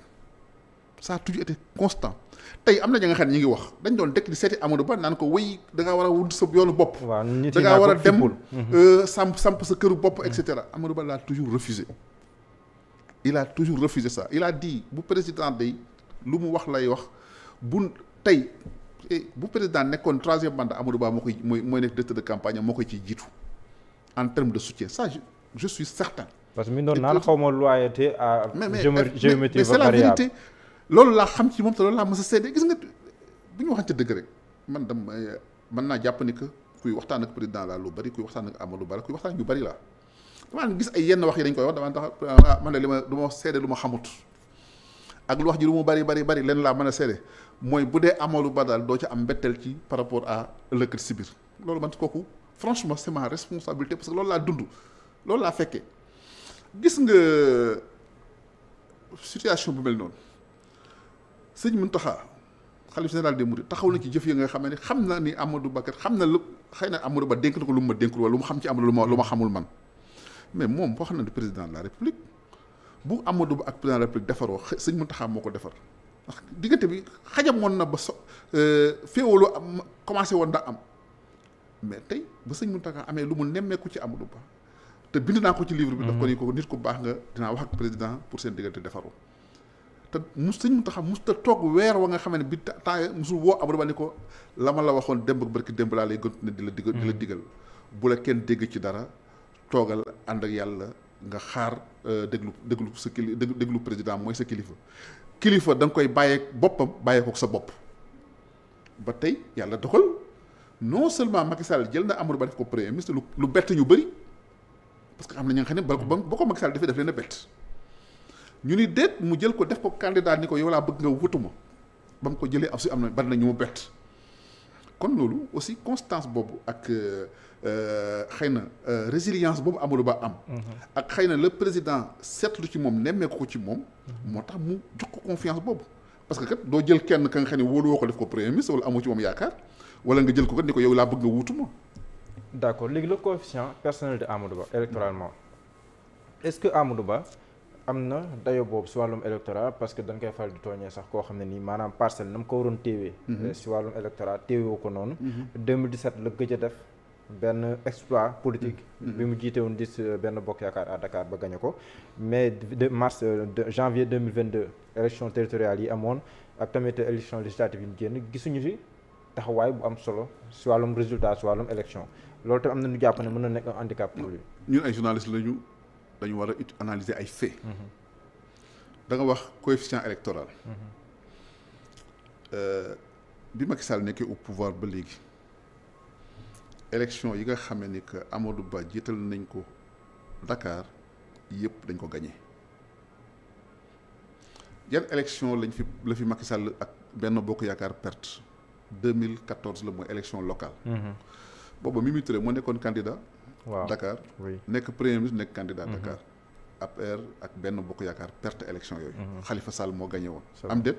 ça a toujours été constant tey am na ña nga xam ne ñu ngi wax dañ doon dëkk di seeti Amadou Ba naan ko wéy da war a wut sa yoonu bopp. waaw da war a dem euh, samp samp sa këru bopp et cetera Amadou Ba laa toujours refusé. il a toujours refusé ça il a di bu président day lu mu wax lay wax bu tey. bu président nekkoon troisième mandat Amadou Ba moo koy mooy mooy nekk directeur de campagne moo koy ciy jiitu en termes de soutien ça je, suis certain. parce que mi naa naan xaw ma loyauté loolu laa xam ci moom te a gis nga bu ñu waxante rek man dama eh, mën naa jàpp ni que kuy waxtaan ak président laa lu bari kuy waxtaan ak Amadou Ba la kuy waxtaan ak yu bari laa. damaa gis ay yenn wax yi dañ koy wax damaa tax ah, man de li ma du lu ma xamut ak lu wax ji lu mu bari bari bari lenn laa mën a seede mooy bu dee amalu ba daal doo ci am mbetteel ci par rapport à lëkkat si biir loolu man kooku franchement c'est ma responsabilité parce que loolu laa dund loolu laa fekkee gis nga situation bu mel noonu sëñ taxa xalif général des mourides taxaw na ci jëf yi nga xam ne xam na ni Amadou Bakar xam na lu xëy na Amadou Ba dénk na ko lu mu ma dénkul wala lu mu xam ci Amadou lu ma lu ma xamul man mais moom wax xam ne du président de la république bu Amadou Ba ak président de la république defaroo sëñ Mountakha moo ko defar. wax diggante bi xajamoon na ba so euh, féewaloo am commencé woon na am mais tey ba sëñ mu Mountakha amee lu mu nemmeeku ci Amadou Ba te bind naa ko ci livre bi. daf ko mm-hmm. ni ko nit ko baax nga dinaa wax ak président pour seen diggante defaru te mu sëñ Mountakha mu ta toog weer wa nga xam ne bi temps musul woo Amadou Ba ni ko la ma la waxoon démb ak barki démb laa lay gënt ne di la digal. di la mm-hmm. diggal bu la kenn dégg ci dara toogal ànd yàlla nga xaar euh, déglu déglu sa kili déglu président mooy sa kilifa. kilifa danga koy bàyyeek boppam bàyyeekoo sa bopp ba tey yàlla doxal non seulement Macky Sall jël na Amadou Ba def ko premier ministre lu lu bett ñu bëri parce que am na ñi nga xam ne bal ko ba defee def leen ñu ni déet mu jël ko def ko candidat ni ko yow laa bëgg nga wutuma ba mu ko jëlee aussi am na bari na ñu mu bett kon loolu aussi constance boobu ak euh, euh, xëy na euh, résilience boobu Amadou Ba am. Mm-hmm. ak xëy na le président seetlu ci moom nemmeeku ko ci moom. moo tax mu jox confiance boobu parce que kat doo jël kenn ka nga xam ne wóolu ko def ko premier ministre wala amoo ci moom yaakaar wala nga jël ko kat ni ko yow laa bëgg nga wuutu ma. d' accord léegi le coefficient personnel de Amadou Ba électoralement est ce que Amadou Ba am na dayo boobu si wàllum électorat parce que dañ koy faral di tooñee sax koo xam ne nii maanaam parcelle na mu ko waroon téewee. Mhm. si wàllum électorat téewee ko noonu. 2017 mhm. la gëj a def. benn exploit politique. Mm-hmm. bi mu jiite woon dis euh, benn bokk yaakaar a Dakar ba gañe ko mais de mars euh, de janvier deux mille vingt deux yi amoon ak tamit élection législative yi ñu génn gisuñu fi taxawaay bu am solo si wàllum résultat si wàllum élection loolu tam am na ñu jàpp ne mën na nekk un handicap pour lui. ñun ay journalistes lañu dañu war a analyser ay faits. Mm-hmm. da nga wax coefficient électoral. Mm-hmm. Euh, bi Macky Sall nekkee au pouvoir ba léegi. élection yi nga xamee ni que Amadou Ba jiital nañ ko Dakar yëpp dañ ko gagné yan élection lañ fi la fi Macky Sall ak Benno Bokk Yaakaar perte 2014 la mooy élection locale. Mhm. booba Mimi moo nekkoon candidat. waaw Dakar nekk premier ministre nekk candidat mhm. Dakar. APR ak Benno Bokk Yaakaar perte élection yooyu. Mhm. Khalifa Sall moo gagné woon. am déet.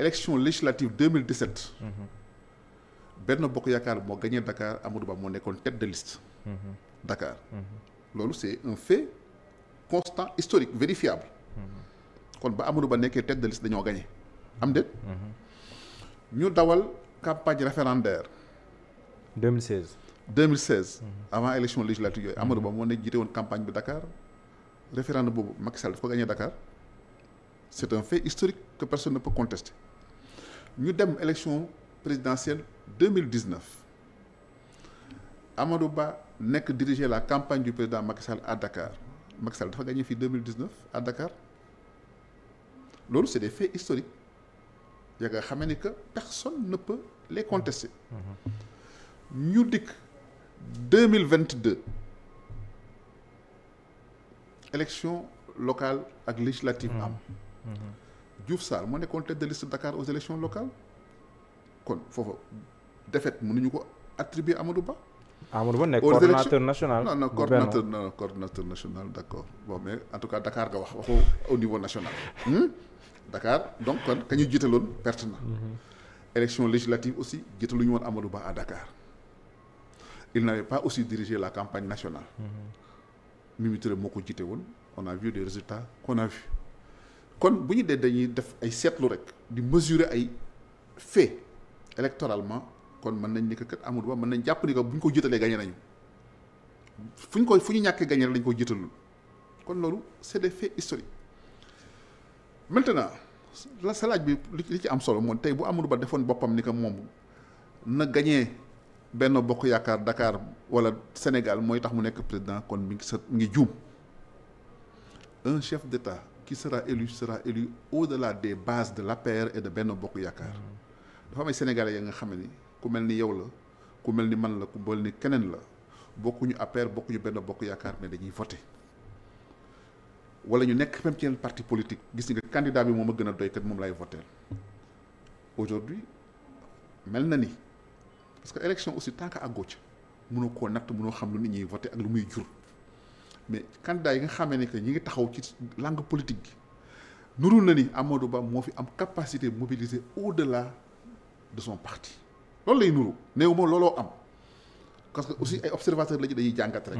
élection législative benn bokk yaakaar moo gagné Dakar Amadou Ba moo nekkoon tête de liste. Mhm. Dakar. Mhm. loolu c' est un fait constant historique vérifiable. Mhm. kon ba Amadou Ba nekkee tête de liste dañoo gagné. am déet. ñu dawal campagne référendaire. 2016. 2016. avant élection législative yooyu Amadou Ba moo ne jiite woon campagne bi Dakar référendum boobu Macky Sall daf ko gagné Dakar c' est un fait historique que personne ne peut contester ñu dem élection présidentielle. 2019 Amadou Ba nekk diriger la campagne du président Macky Sall à Dakar Macky Sall dafa gagné fii 2019 à Dakar loolu c'est des faits historiques yaa nga xamee ni que personne ne peut les contester. ñu dikk 2022 élection locale ak législative am. Mm-hmm. Mm-hmm. Diouf Sarr moo nekkoon tête de liste Dakar aux élections locales kon foofu. mu nu ñu ko attribuer Amadou Ba. Amadou Ba nekk coordonnateur national. non non coordonnateur non coordonnateur national d' accord bon mais en tout cas Dakar nga wax waxoo au niveau national. Hmm? Dakar donc kon ka ñu jiitaloon perte na. Mm-hmm. élection législative aussi jiitaluñu woon Amadou Ba à Dakar. il n'avait pas aussi dirigé la campagne nationale. mu mm-hmm. Touré moo ko jiite woon on a vu des résultats qu'on a vu kon bu ñu dee dañuy def ay seetlu rek di mesurer ay faits kon mën nañ ni que kat Amadou Ba mën nañ jàpp ni que bu ñu ko jiitalee gagné nañu fu ñu ko fu ñu ñàkkee gagné lañ ko jiitalul kon loolu c'est des faits historiques maintenant la sa laaj bi li ci am solo moom tey bu amul Ba defoon boppam ni que moom na gagné benn bokk yaakaar Dakar wala Sénégal mooy tax mu nekk président kon mi ngi sa mi ngi juum un chef d'État qui sera élu sera élu au-delà des bases de l'APR et de Benno Bokk Yaakaar dafa am ay Sénégalais ya nga xam ni ku mel ni yow la ku mel ni man la ku mel ni keneen la bokkuñu APR bokkuñu benn bokk yaakaar ne dañuy voté wala ñu nekk même ci yeneen parti politique gis nga candidat bi moom a gën a doy kat moom lay voté aujourd'hui mel na ni parce que élection aussi tant que àggoo ca mënoo koo natt mënoo xam lu nit ñuy voté ak lu muy jur mais candidat yi nga xamee ne que ñi ngi taxaw ci langue politique gi nurul na ni Amadou Ba moo fi am capacité mobiliser au la de son parti loolu lay nuru néew ma looloo am parce que aussi ay la lañu dañuy jàngat rek.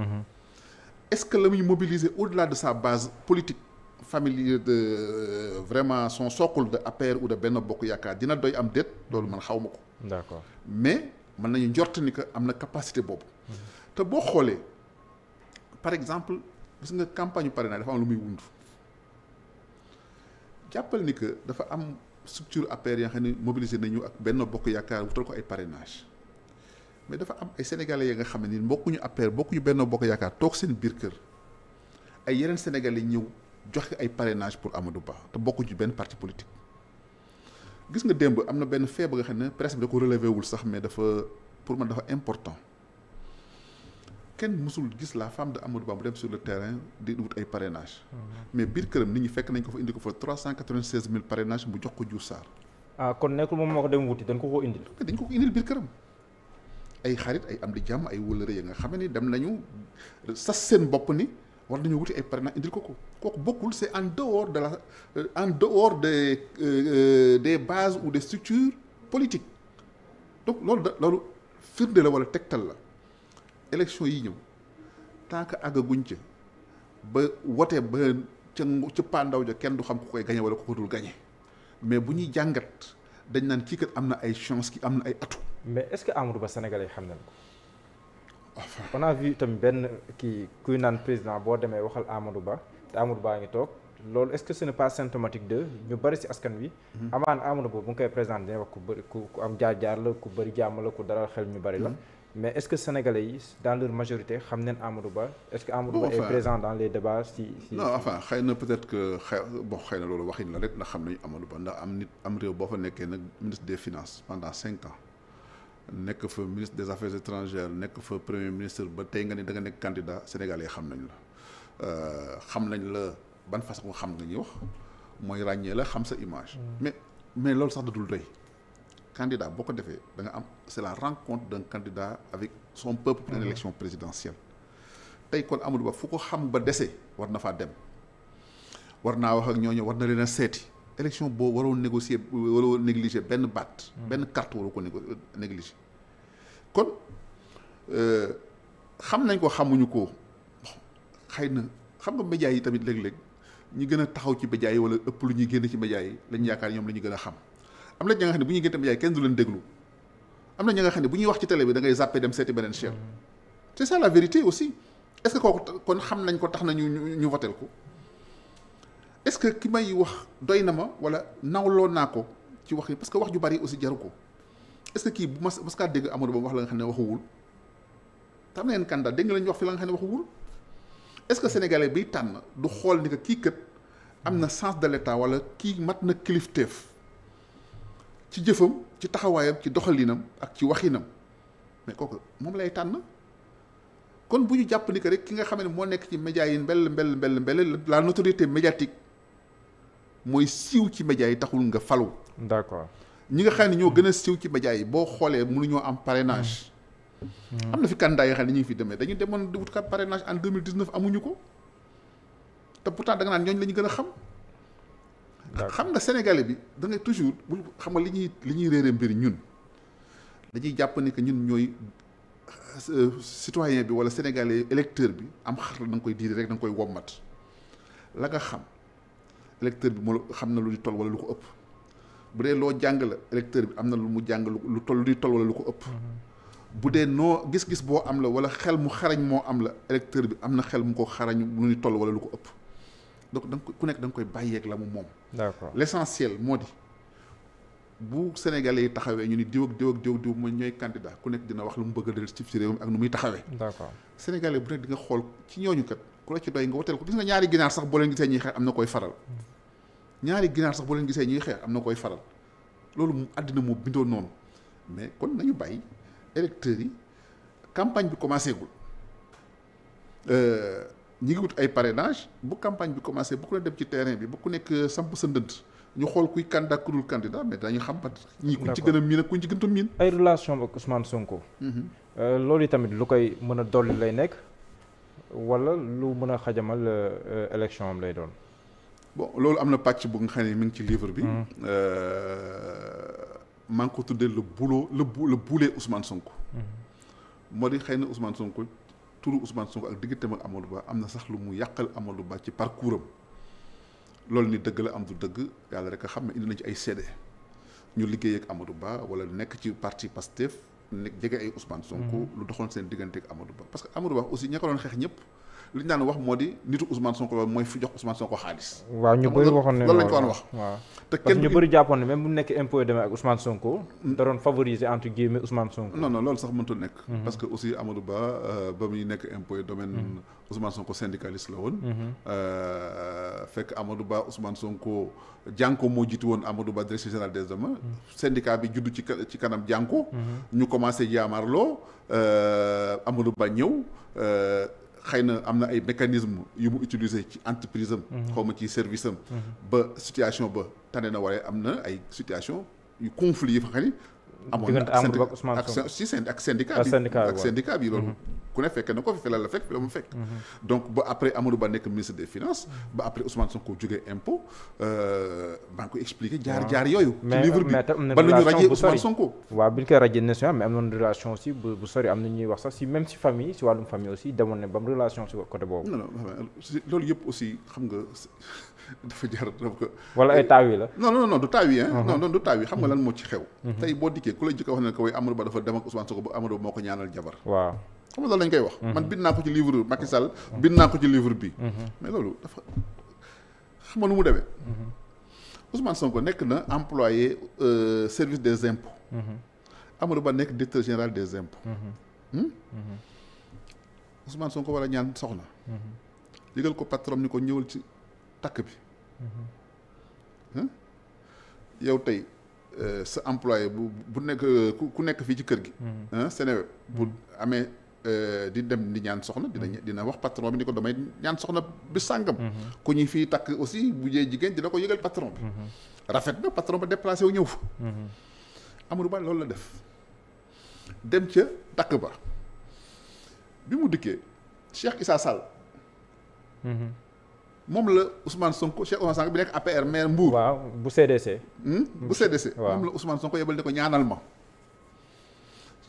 est-ce que la muy mobiliser au-delà de sa base politique familiale de euh, vraiment son socle de APR ou de Benno Bokk Yaakaar dina doy am déet loolu man xaw ma ko. mais mën nañu njort ni que am na capacité boobu. te boo xoolee par exemple gis nga campagne parrainage dafa am lu muy wund jàppal ni que dafa am. structure APR yaa xam ne mobilisé nañu ak benn bokk yaakaar wutal ko ay parrainage mais dafa am ay sénégalais ya nga xam ne ni bokkuñu APR bokkuñu benn bokk yaakaar toog seen biir kër ay yeneen sénégalais ñëw joxe ay parrainage pour Amadou Ba te bokkuñu benn partie politique. gis nga démb am na benn fee ba nga xam ne presse bi da ko relevé wul sax mais dafa pour man dafa important. kenn mosul gis la femme de Amadou Ba mu dem sur le terrain di wut ay parrainage mm-hmm. mais biir këram nit ñi fekk nañ ko fa indi ko fa trois cent quatre-vingt-seize mille parrainage mu jox ko Diouf Sarr ah, kon nekkul moom moo ko dem wuti dañ ko ko indil dañ ko ko indil biir këram ay xarit ay am di jàmm ay wëlëre ya nga xam ne dem nañu sas seen bopp ni war nañu wuti ay parrainage indil ko ko kooku bokkul c'est en dehors de la euh, en dehors des euh, euh, des base ou des structures politiques donc loolu da loolu la wala tegtal la élection yi ñëw tant que àggaguñ ca ba wote ba ca ca pandaw ja kenn du xam ku koy gañe wala ku ko dul gañe mais bu ñuy jàngat dañ naan kii kat am na ay chance ki am na ay atu mais est-ce que Amadou Ba sénégalais xam nañ ko. on a vu benn kii kuy naan président boo demee waxal Amadou Ba te Amadou baa ngi toog loolu est-ce que ce symptomatique de ñu bari si askan wi. Mm-hmm. amaan Amadou Ba bu ñu koy présenté dina wax ku bëri ku am jaar-jaar la ku bëri jàmm la ku dalal xel ñu bari la. Mm-hmm. mais est-ce que sénégalais yi dans leur majorité xam nañ Amadou Ba. est-ce que Amadou Ba est présent dans les débats na peut-être que boo bon xëy na loolu waxin la rek ndax xam nañu Amadou Ba ndax am nit am réew boo fa nekkee nag ministre des finances pendant cinq ans. nekk fa ministre des affaires étrangères nekk fa premier ministre ba tey nga ne da nga nekk candidat sénégalais xam nañ la euh, xam nañ la ban façon xam nga ñuy wax mooy ràññee la xam sa image. Mm. mais mais loolu sax da dul candidat boo ko defee da nga am c'est la rencontre d'un candidat avec son peuple pour une mhm. tey kon Amadou Ba fu ko xam ba dese war na faa dem war naa wax ak ñooñu war na leen a seeti élection boo waroo négocier waroo négliger benn baat mhm. benn carte waroo ko négliger kon euh, xam nañ ko xamuñu ko xay na xam nga médias yi tamit léeg-léeg ñi gën a taxaw ci médias yi wala ëpp lu ñu génn ci médias yi lañ yaakaar ñoom la ñu gën a xam am na ñi nga ne bu ñuy géntam yaay kenn du leen déglu am na ñi nga xam ne bu ñuy wax ci tele bi dangay ngay zappé dem seeti beneen chaîne mm. c'est ça la vérité aussi est-ce kon xam nañ ko tax na ñu ñu votel ko est-ce que ki may wax doy na ma wala nawloo naa ko ci wax yi parce que wax ju bari aussi jaru ko est-ce que kii bu mas mas kaa dégg Amadou Ba wax la nga xam ne waxuwul tam na yenn candidat dégg nga lañu wax fi la nga xam ne waxuwul est-ce que sénégalais biy tànn du xool ni que kii kat am na sens de l'état wala kii mat na kilifteef ci jëfam ci taxawaayam ci doxalinam ak ci waxinam mais kooku moom lay tànn kon bu ñu jàpp ni que rek ki nga xam ne moo nekk ci média yi mbel mbel mbel mbel la notoriété médiatique mooy siiw ci média yi taxul nga falu. d'accord ñi nga xam ne ñoo gën a siiw ci média yi boo xoolee mënuñoo am parrainage. Hmm. am na fi candidat yoo xam ne ñu ngi fi demee dañu demoon di wut parrainage en deux mille dix-neuf amuñu ko te pourtant da nga naan ñooñu la ñu gën a xam. xam nga sénégalais bi da toujours bul xam nga li ñuy li ñuy réere mbir ñun dañuy jàpp ni que ñun ñooy euh, citoyen bi wala sénégalais électeur bi am xar la da koy diiri rek da koy wommat la nga xam électeur bi moo xam na lu ñu toll wala lu ko ëpp bu loo jàng la bi am na lu mu jàng lu toll lu ñuy toll lu ko ëpp mm-hmm. bu dee noo gis-gis boo am la wala xel mu xarañ moo am la électeur bi am na xel mu ko xarañ lu ñuy toll wala lu ko ëpp donc da nga ku nekk da nga koy bàyyeeg la mu moom. d'accord l'essentiel moo di bu Sénégalais yi taxawee ñu ni diw ak diw ak diw diw mooy ñooy candidat ku nekk dina wax lu mu bëgg a dellu ci réew mi ak nu muy taxawee. d'accord Sénégalais bu nekk di nga xool ci ñooñu kat ku la ci doy nga woteel ko gis nga ñaari ginaar sax boo leen gisee ñuy xeex am na koy faral. ñaari ginaar sax boo leen gisee ñuy xeex am na koy faral loolu mu àddina moo bindoo noonu mais kon nañu bàyyi électeurs yi campagne bi commencé gul. Euh, ñi ngi wut ay parrainage bu campagne bi commencé bu ku la ci terrain bi bu ku nekk samp sa ndënd ñu xool kuy candidat ku dul candidat mais dañu xam pat ñii kuñ ci gën a miin ak kuñ ci gënta miin ay relation ak Ousmane Sonko mhm. euh, loolu tamit lu koy mën a dolli lay nekk wala lu mën a xajamal euh, élection am lay doon bon loolu am na pàcc bu nga mi ngi ci livre bi mhm. euh, maa ngi ko tuddee le boulot le boulet Ousmane mhm. moo di xëy na Ousmane Sonko turu Ousmane Sonko ak digganteem ak Amadou Ba am na sax lu mu yàqal amalu Ba ci parcours am loolu ni dëgg la am du dëgg yàlla rek a xam ne indi nañ ci ay seede ñu liggéey ak Amadou Ba wala nekk ci parti Pastef nekk jege ay Ousmane Sonko. Mhm. lu doxoon seen diggante ak Amadou Ba parce que Amadou Ba aussi ña ko doon xeex ñëpp. li ñu daan wax moo di nitu Ousmane Sonko mooy fi jox Ousmane Sonko xaalis. waaw ñu bëri waxoon nañu loolu lañ ko wax. te kenn ñu bëri jàppoon ne bu nekkee impôt yi demee Sonko. da doon loolu sax mëntul nekk. Mhm. parce que aussi Amadou Ba euh, ba muy nekk impôt domaine mhm. Ousmane Sonko syndicaliste la woon. Mhm. Euh, fekk Amadou Ba Ousmane Sonko jànko moo jiitu woon Amadou Ba directeur des domaines. syndicat bi juddu ci kanam jànko. ñu commencé jaamaarloo euh, Amadou Ba ñëw. xëy na am na ay mécanisme yu mu utiliser ci entreprise am mhm. xaw ma ci service am mhm. ba situation ba tane na wala am na ay situation yu conflit yi fa xam amoon na ak si ak syndicat bi ak syndicat bi loolu mhm. ko fi fi la la fekk fi la mu fekk mhm. donc ba après Amadou Ba nekk ministre ba après ko euh, expliqué jaar yooyu ci livre bi ba lu ñu rajee bu sori am na ñuy wax sax si même si famille si wàllum famille aussi demoon ne bam relation si boobu loolu yëpp aussi xam nga dafa jar dafa ko. wala ay taaw yi la. non non non du taaw yi ah. non non du taaw yi xam nga lan moo ci xew. Uh-huh. tey boo dikkee ku la jëkk wax ne ko way Amadou Ba dafa dem ak Ousmane Sonko ba uh-huh. nekk na employé euh, service des impôts. Amadou Ba nekk directeur général des impôts. Hmm? Ousmane Sonko war a ñaan soxna. yëgal ko patron ni ko ñëwal ci. takk bi mhm. yow tey euh, sa employé bu bu nekk ku nekk fii ci kër gi mhm. Seneweb bu mhm. amee euh, di dem di ñaan soxna dina dina wax patron bi ni ko damay ñaan soxna bi sàngam ku ñuy fii takk aussi bu jee jigéen dina ko yëgal patron bi rafet na patron ba déplacé wu ñëw fa Amadou Ba loolu la def dem ca takk ba bi mu dikkee Cheikh Issa moom la Ousmane Sonko Cheikh Ousmane Sonko bi nekk APR maire Mbour. waaw bu CDC. Hmm? bu CDC. waaw moom la Ousmane Sonko yebal ne ko ñaanal ma.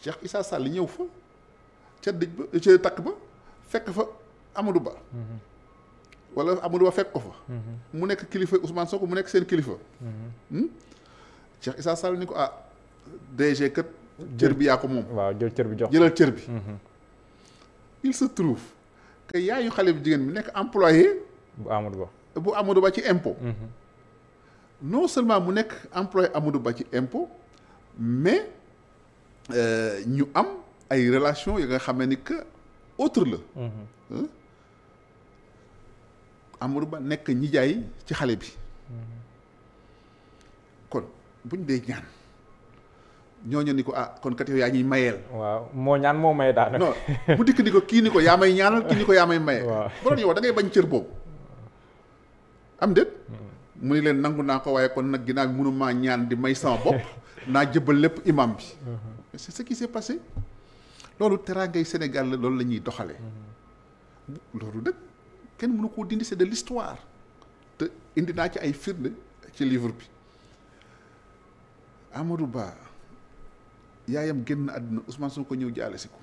Cheikh Issa Sall ñëw fa ca dij ba ca takk ba fekk fa Amadou Ba. Mhm. wala Amadou Ba fekk ko fa. Mhm. mu nekk kilifa Ousmane Sonko mu nekk seen kilifa. Mhm. Hmm? Cheikh Issa Sall ni ko ah DG kat. cër bi yaa ko moom. waaw jël cër bi jox jëlal cër bi. il se trouve que yaayu xale bu jigéen bi nekk employé. bu Amadou Ba bu Amadou Ba ci impôt. Mhm. non seulement mu nekk employé Amadou Ba ci impôt mais euh, ñu am ay relation yi nga xamee ni que autre la. Mhm. Amadou Ba nekk ñi nijaay ci xale bi. Mhm. kon buñ dee ñaan. ñooñu ni ko ah kon kat yaa ñuy mayeel. waaw moo ñaan moo may daanaka. non bu dikk ni ko kii ni ko yaa may ñaanal kii ni ko yaa may maye. waaw bu doon yow da bañ cër boobu. am déet mu ni leen nangu naa ko waaye kon nag ginnaaw bi mënumaa ñaan di may sama bopp naa jëbal lépp imam bi uh-huh. c'est ce qui s'est passé loolu teraangay Sénégal la loolu la ñuy doxale uh-huh. loolu dëgg kenn mënu ko dindi c'est de l'histoire te indi naa ci ay firnde ci livre bi Amadou Ba yaayam génn àdduna Ousmane ko ñëw jaale si ko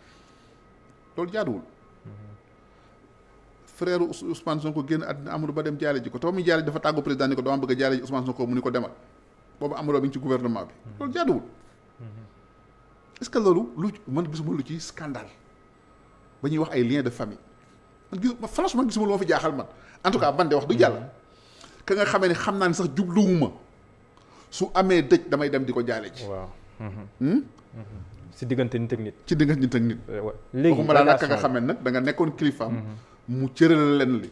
loolu jaaduwul uh-huh. frère Ousmane Sonko génn àddina Amadou Ba dem jaale ji ko te ba ji dafa tàggu président ni ko dama bëgg a jaale ji Ousmane Sonko mu ni ko demal boobu Amadou bi ngi ci gouvernement bi mm-hmm. loolu jaaduwul est loolu lu man gisuma lu ci scandale ba ñuy wax ay lien de famille man gis franchement gisuma lu ma fi jaaxal man en tout cas man de wax du jàll mm-hmm. ka nga xamee ne xam naa ne sax jubluwuma su amee dëj damay dem di ko jaale ji waaw mm-hmm. Hmm? si diggante nit ak nit ci diggante nit ak nit eh, léegi waxuma laa nag nga xamee nag da nga nekkoon kilifaam mu cëral leen li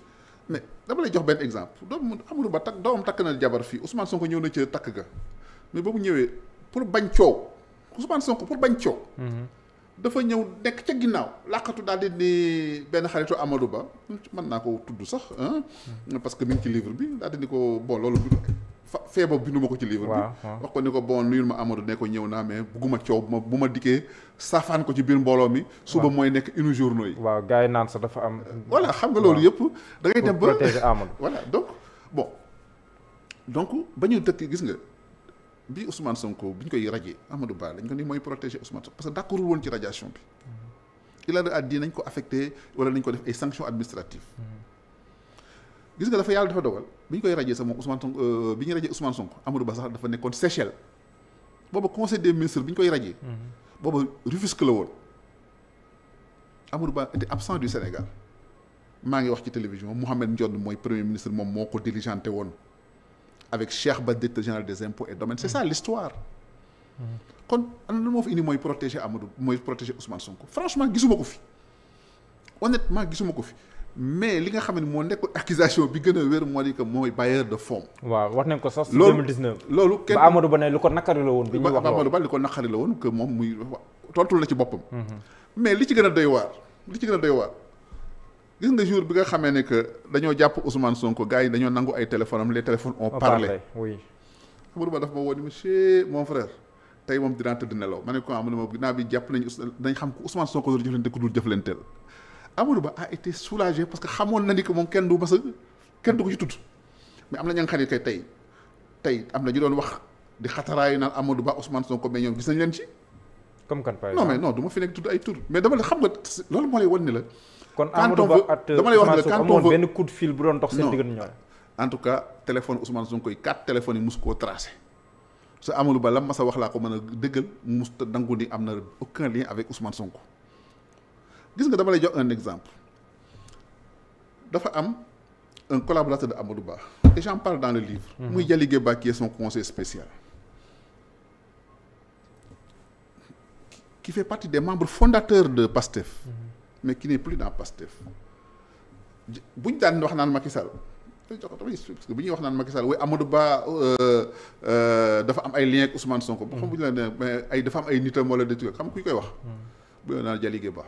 mais dama lay jox benn exemple doomu Amadou Ba takk doomam takk na jabar fii Ousmane Sonko ñëw na ci takk ga mais ba mu ñëwee pour bañ coow Ousmane Sonko pour bañ coow. Mhm. dafa ñëw nekk ca ginnaaw làqatu daal di ni benn xaritu Amadou Ba mën naa ko tudd sax mhm. parce que mi ngi ci livre bi daal di ni ko bon loolu. fee boobu bindu ma ko ci livre bi wax ko ni ko bon nuyul ma Amadou ne ko ñëw naa mais bugguma coow ma bu ma dikkee saafaan ko ci biir mbooloo mi suba mooy nekk une journaux yi waaw gars naan sax dafa am voilà xam nga loolu yëpp da ngay dem ba protéger Amadou voilà donc bon ba ñu dëkk gis nga bi Ousmane Sonko bi ñu koy rajee Amadou Ba dañ ko ni mooy protéger Ousmane Sonko parce que d'accordul woon ci radiation bi mm-hmm. il a dit nañ ko affecté wala nañ ko def ay sanctions administratives mm-hmm. gis nga dafa yàlla dafa dogal bi ñu koy rajee sax moom Ousmane Sonko euh, bi ñu rajee Ousmane Sonko Amadou Ba sax dafa nekkoon Seychelles booba conseil des ministres bi ñu koy rajee mhm. booba Rufisque la woon Amadou Ba était absent du Sénégal maa ngi wax ci télévision Mohamed Ndione mooy premier ministre moom moo ko diligenté woon avec Cheikh Ba directeur général des impôts et domaines c'est ça mhm. l'histoire mhm. kon na lu moo fi indi mooy protéger Amadou mooy protéger Ousmane Sonko franchement gisuma ko fi honnêtement gisuma ko fi mais li nga xam ne moo nekk accusation bi gën a wér moo di que mooy bailleur de fonds. waaw ko sax. loolu 2019 loolu kenn ba Amadou Ba ne lu ko naqari la woon. bi Ba ko naqari la woon que moom muy tontul la ci boppam. Mhm. mais li ci gën a doy li ci gën a doy waar. gis nga jour bi nga xamee ne que dañoo jàpp Ousmane Sonko gars yi dañoo nangu ay téléphone am les téléphones ont parlé oui. Ba dafa ma woo ni monsieur mon frère tey moom dinaa tëdd nelaw ma ne ko ah ma ne ma bi jàpp nañu dañ xam ku dul Amadou Ba a été soulagé parce que xamoon na ni moom kenn du mas a kenn du ko ci tudd mais am na ña nga xam ne kay tey am na ñu doon wax di xataraayu naan Amadou Ba Ousmane Sonko mais ñoom gis nañ leen ci. comme kan mais non du ma fi nekk tudd ay tur mais dama la xam nga loolu moo lay wan ni téléphone Ousmane Sonko yi quatre téléphones yi mus koo tracé su Amadou Ba la mas a wax laa ko mën a dëggal mus ta dangu ni am na aucun lien avec Ousmane Sonko. gis nga dama lay jox un exemple dafa am un collaborateur de Amadou Ba et j'en parle dans le livre mhm. muy Dialligé Ba qui est conseil spécial qui fait partie des membre fondateurs de PASTEF mhm. mais qui n'est plus dans PASTEF bu ñu daan wax naan Macky parce que bu ñuy wax naan Macky Sall way Amadou Ba euh, euh, dafa am ay lien ak Ousmane Sonko. xam mhm. bu ay dafa am ay xam bu ñu naan Dialligé Ba.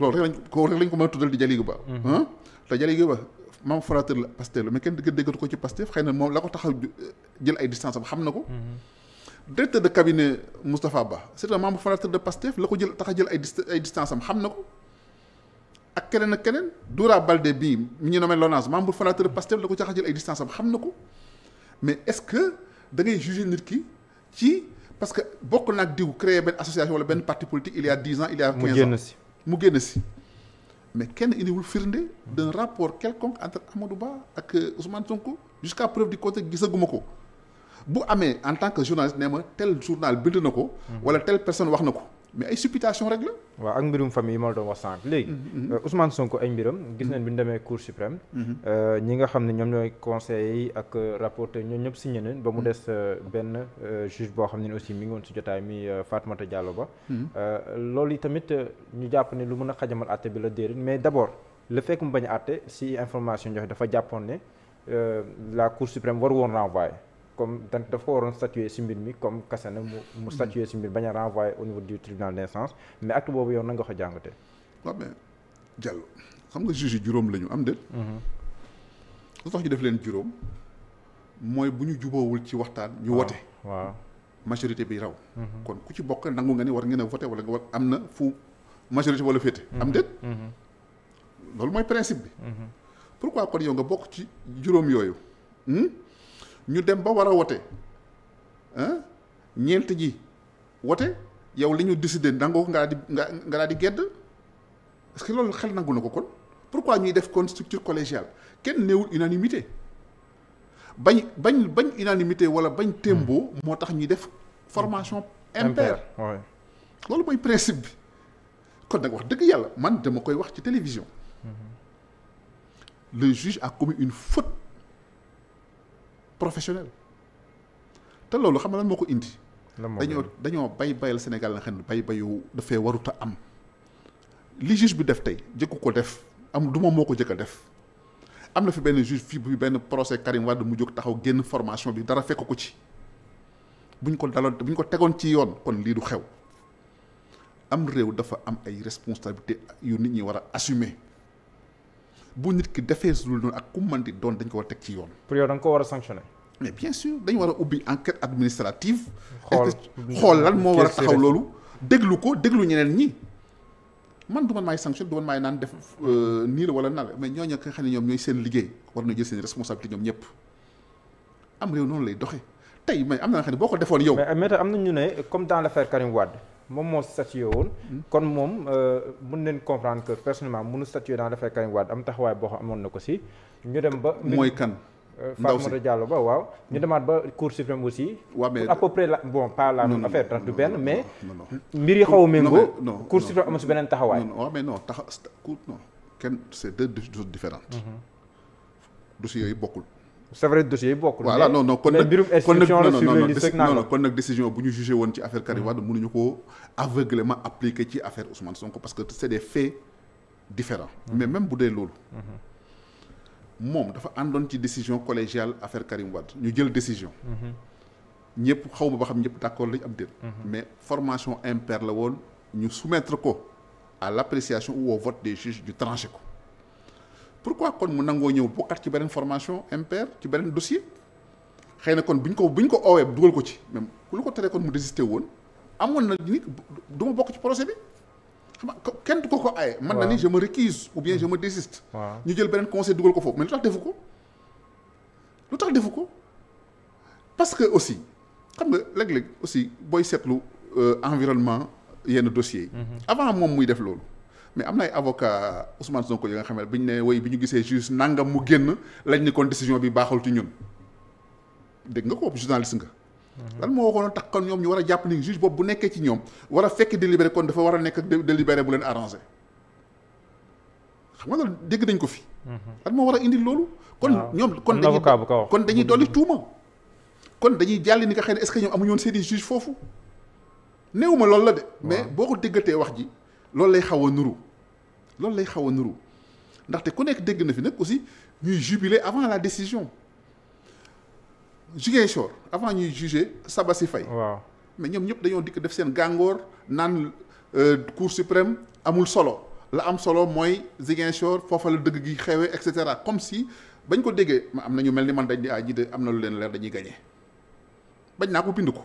loolu rek lañ ko rek tuddal di Jaligu Ba mhm. te Jaligu la Pastef la mais kenn gën déggatu ko ci Pastef xëy na moom la ko taxaw euh, mhm. jël tax jël ay distance am xam na ko ak keneen ak keneen Doura Baldé bii mi ñu nommé LONASE membre fondateur de Pastef la ko tax jël ay distance am xam na ko mais est-ce que da ngay juger nit ki ci parce que bokk naag diw créer benn association wala benn parti politique il y a dix ans il y a quinze ans mu génn si mais kenn indiwul firnde d'un rapport quelconque entre Amadou Ba ak euh, Ousmane Sonko jusqu'à preuve du côté gisaguma ko bu amee en tant que journaliste nee ma tel journal bind na ko hmm. wala telle personne wax na ko mais ay supputation rek la. waaw ak mbirum famille ma la doon wax sànq léegi. Mm-hmm, mm-hmm. Euh, Ousmane Sonko ay mbiram. gis nañ bi ñu demee cour suprême. Mm-hmm. Euh, ñi nga xam ne ñoom ñooy conseil yi ak euh, rapporteurs ñoom ñëpp si nañ ba mu des benn juge boo xam ne aussi mi ngi woon si jotaay mi Fatoumata Diallo Ba. loolu yi tamit ñu jàpp ne lu mën a xajamal àtte bi la déedéet mais d' abord le fait que mu bañ àtte si information joxe dafa jàppoon ne la cour suprême war woon renvoyer. comme daf ko waroon statuer ci mi comme Kassane mu mu statuer ci mbir bañ a renvoyer au du tribunal d'instance mais acte boobu yow na nga ko jàngatee. waaw xam nga juge juróom lañu am déet. Mhm. lu tax ñu def leen juróom mooy bu ñu juboowul ci waxtaan. ñu wote waaw majorité bi raw. Mhm. kon ku ci bokk nangu nga ni war ngeen a voté wala nga war am na fu majorité wala féete. Mhm. am déet. loolu mooy principe bi. pourquoi kon yow nga bokk ci juróom yooyu. Hmm? ñu dem ba war a wote ah ñeent ji wote yow li ñu décidé nangoo ko nga daal di nga nga daal di gedd parce que loolu xel nangu na ko kon pourquoi ñuy def kon structure collégiale kenn néewul unanimité bañ bañ bañ unanimité wala bañ témboo hmm. moo tax ñuy def formation hmm. impair loolu mooy principe bi kon nag wax dëgg yàlla man dama koy wax ci télévision hmm. le juge a commis une faute professionnel te loolu xam nga lan moo ko indi. dañoo dañoo bay bayal Sénégal na xam ne bay bayu dafay warut a am. li juge bi def tey jëkku ko def am du moom moo ko jëkk a def am na fi benn juge fii bi benn procès Karim Wade mu jóg taxaw génn formation bi dara fekk ko ci buñ ko daloon buñ ko tegoon ci yoon kon lii du xew am réew dafa am ay responsabilité yu nit ñi war a assumer. bu nit ki defee su dul noonu ak ku mën di doon dañ koo war a teg ci yoon. pour yow da ko war a sanctionner. mais bien sûr dañu war a ubbi enquête administrative. xool xool lan moo war a taxaw loolu. déglu ko déglu ñeneen ñi man du man maay sanction du man maay naan def euh, nii la wala nal mais ñooñu nga xam ne ñoom ñooy seen liggéey war na jël seen responsabilité ñoom ñëpp am réew noonu lay doxee tey mais am na nga ne boo ko defoon yow. mais mais am na ñu ne comme dans l'affaire Karim Wade. moom moo statué woon. Hmm. kon moom euh, mën neen comprendre que personnellement mënu statué dans l'affaire Karim Wade am taxawaay boo xam amoon na ko si. ñu dem ba mooy kan. Euh, ndaw si Fatoumata Diallo ba waaw. Hmm. ñu demaat ba Cour suprême aussi. waaw mais à la bon pas la même affaire tax du benn mais. mbir yi xaw a méngoo. non Cour suprême si beneen taxawaay. non waaw mais non tax non kenn c'est deux choses mhm. yooyu bokkul. c'est vrai la sur les non non bu ñu jugé woon ci affaire Karim Wade mënuñu ko aveuglément appliqué ci affaire Ousmane Sonko parce que c'est des faits différents. Mm-hmm. mais même bu dee loolu. Mm-hmm. moom dafa àndoon ci décision collégiale affaire Karim Wade ñu jël décision. Mm-hmm. ñëpp xaw ma ba xam ñëpp d'accord lañ am déet. mais formation impair la woon ñu soumettre ko à l'appréciation ou au vote des juges ñu tranché ko. pourquoi kon mu nangoo ñëw bokkat ci beneen formation MPR ci beneen dossier xëy na kon bu ñu ko bu ñu ko oowee dugal ko ci même ku lu ko teree kon mu résister woon amoon na nit du bokk ci projet bi xam nga kenn du ko ko aaye. man na ni je me récuse ou bien ñu jël beneen conseil dugal ko foofu mais lu tax defu ko tax defu ko parce que aussi xam nga léeg aussi booy seetlu euh, environnement yenn dossiers yi. Mhm. avant moom muy def loolu. mais am na ay avocat Ousmane Sonko yi nga xam ne bi ñu ne woy bi ñu gisee juge nangam mu génn lañ ni kon décision bi baaxul ci ñun dégg nga ko journaliste nga. Mhm. lan moo waxoon tax kon ñoom ñu war a jàpp ni boobu bu nekkee ci ñoom war a fekk délibéré kon dafa war a nekk délibéré bu leen arrangé xam dégg nañ ko fi. Mhm. lan moo war a indi loolu. kon ñoom kon dañuy kon dañuy dolli tuuma. kon dañuy jàll ni nga xëy ne est-ce que ñoom amuñu woon seeni juge foofu néew ma loolu la de. mais boo ko déggatee wax ji. loolu lay xaw a nuru loolu lay xaw a nuru ndaxte ku nekk dégg na fi nag aussi ñuy jubiler avant la décision Ziguinchor avant ñuy juger Sabassi Faye waaw mais ñoom ñëpp dañoo dikk def seen gàngoor naan euh, Cour suprême amul solo la am solo mooy Ziguinchor foofa la dëgg gi xewee et cetera comme si bañ ko déggee ma am na ñu mel ni man dañ di ah am na lu leen leer dañuy gañe bañ naa ko bind ko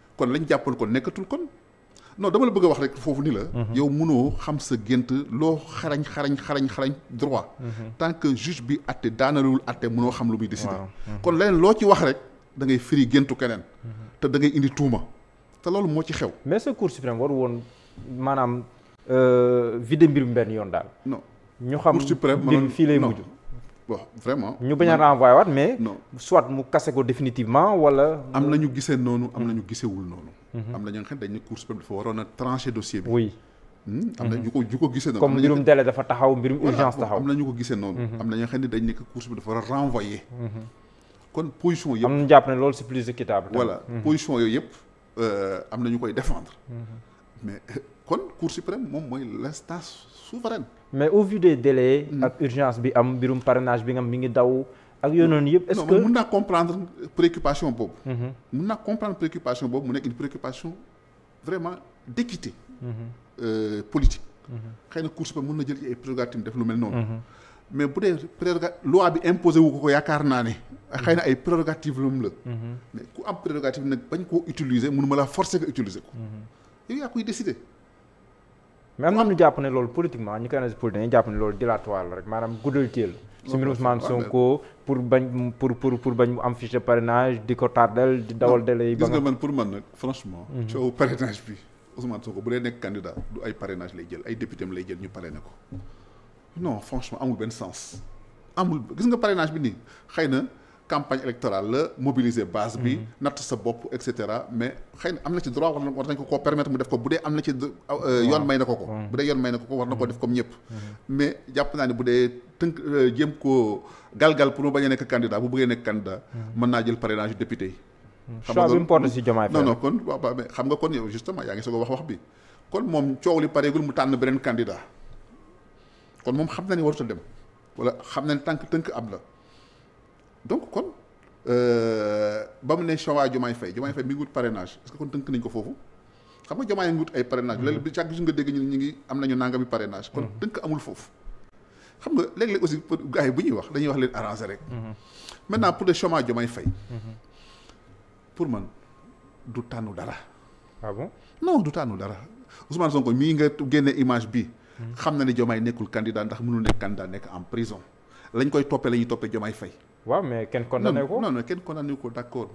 kon lañ jàppoon kon nekkatul kon non dama la bëgg a wax rek foofu ni la. Mhm. yow mënoo xam sa gént loo xarañ xarañ xarañ xarañ droit. Mhm. tant que juge bi àtte daanalul àtte mënoo xam lu muy décider. Mhm. kon leneen loo ci wax rek dangay ngay géntu keneen. te da ngay indi tuuma te loolu moo ci xew. mais sa cour suprême woon maanaam. Euh, vide mbir mi mbenn yoon daal. non ñu xam mbir fii lay mujj. bon vraiment. ñu bañ a renvoyé waat mais. non soit mu kase ko définitivement wala. am na ñu gisee noonu am na ñu mm. gisewul noonu. Mhm. am na ñoo xam ne dañ ne Cour suprême dafa waroon a tranché dossier bi. oui. Hmm? am na mhm. ñu ko ñu ko gisee noonu. comme mbirum délai dafa taxaw mbirum urgence taxaw. am na ñu ko gisee noonu. Mhm. am na ñoo xam ne dañ ne Cour suprême dafa war a renvoyé. kon position yëpp am nañu jàpp ne loolu c'est plus équitable. voilà position yooyu yëpp euh, am na ñu koy défendre. mais euh, kon Cour suprême moom mooy l'instance souveraine. mais au vu des délais. Mm. ak urgence bi am mbirum parrainage bi nga am mi ngi daw. ak yooyu noonu yëpp est-ce mhm. naa comprendre préoccupation boobu. mu nekk une préoccupation vraiment d'équité. Mhm. Euh, politique. Mhm. xëy na Cour suprême mën na jël ci ay prérogatives def lu mel noonu. mais bu dee préroga loi bi imposé wu ko ko yaakaar naa ne. xëy na ay prérogatives lum la. ku am prérogative nag bañ koo utiliser mënuma la forcer nga utiliser ko. yow yaa koy décider. mais am na jàpp ne loolu politiquement ñu koy analyse politique dañuy jàpp ne loolu dilatoire la rek maanaam guddal téel si mbirum Ousmane Sonko pour bañ pour pour bañ mu am fiche de parrainage di ko tardel di dawal délai yi. ba nga gis nga man pour man nag franchement. Mhm. coow parrainage bi Ousmane Sonko bu dee nekk candidat du ay parrainage lay jël ay député lay jël ñu parrainé ko non franchement amul benn sens amul gis nga parrainage bi nii xëy na. campagne électorale la mobiliser base bi. Mhm. natt sa bopp et cetera mais xëy na am na ci droit war na war nañ ko koo permettre mu def ko bu dee am na ci. Euh, yoon may na ko ko. bu dee yoon may na ko ko war na koo def comme ñëpp. Mhm. mais jàpp naa ne bu dee tënk euh, jéem koo galgal pour mu bañ a nekk candidat bu bëggee nekk candidat. Mhm. mën naa jël parrainage député yi. choix bi mu porte si Diomaye non non kon waaw xam nga ko yow justement yaa ngi soog a wax wax bi kon moom coow li pareegul mu tànn beneen candidat kon moom xam na ne warut a dem wala xam na tànk tënk am la. donc kon euh, ba mu ne choix Diomaye Faye Diomaye Faye mi ngi wut parrainage est que kon tënk nañ ko foofu xam nga Diomaye ngi wut ay parrainage léeg bi chaque jour ñu ngi am nañu nangami parrainage kon mhm. tënk amul foofu xam nga léeg-léeg aussi yi bu ñuy wax dañuy wax leen arrangé rek mhm. maintenant pour le chômage Diomaye Faye mhm. man du tànnu dara ah bon non du tànnu dara Ousmane Sonko mii nga génne image bi xam na ne Diomaye nekkul candidat ndax mënul nekk nekk en prison lañ koy toppee la ñuy toppee Diomaye Faye waaw mais kenn condamné ko non non kenn condamné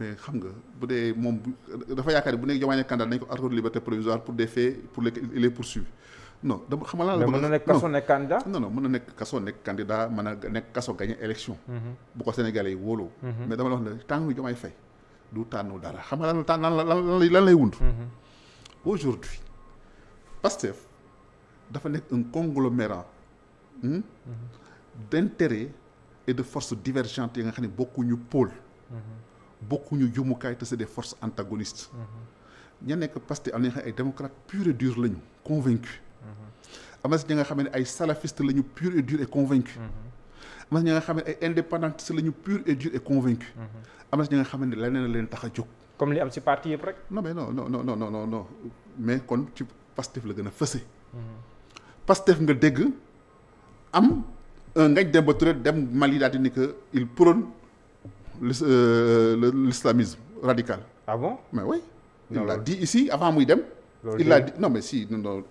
mais xam nga bu dee moom dafa yaakaar ne bu nekk Diomaye candidat dañ ko accord liberté provisoire pour des faits pour lesquels il est poursuivi non dama xam nga la bëgg mën na nekk kaso nekk candidat na nekk kaso nekk candidat mën a nekk kaso gagné élection mhm. bu ko Sénégalais yi mhm. mais dama la wax ne tànn Diomaye Faye du tànnu dara xam nga lan tànn lan lan lay wund mhm. aujourd'hui Pastef dafa nekk un conglomérat hmm, d' et de forces divergentes yi nga xam ne bokkuñu pôle. bokkuñu jumukaay te c'est des forces antagonistes. ña nekk Pastef am na ay démocrates pur et dur lañu convaincu na si ñi xam ne ay salafistes lañu pur et dur et convaincu am na si ñi nga xam ne ay indépendantistes lañu pur et dur et convaincu am na si nga xam ne leneen leen tax a jóg. comme li am si parti yëpp rek. non mais non non non non non kon ci Pastef la gën a fëse. Pastef nga dégg am. un ngañ Demba Touré dem Mali daal di ni que il prône euh, euh, l'islamisme radical. ah bon mais oui. il l'a dit ici avant muy dem. il l'a dit non mais si non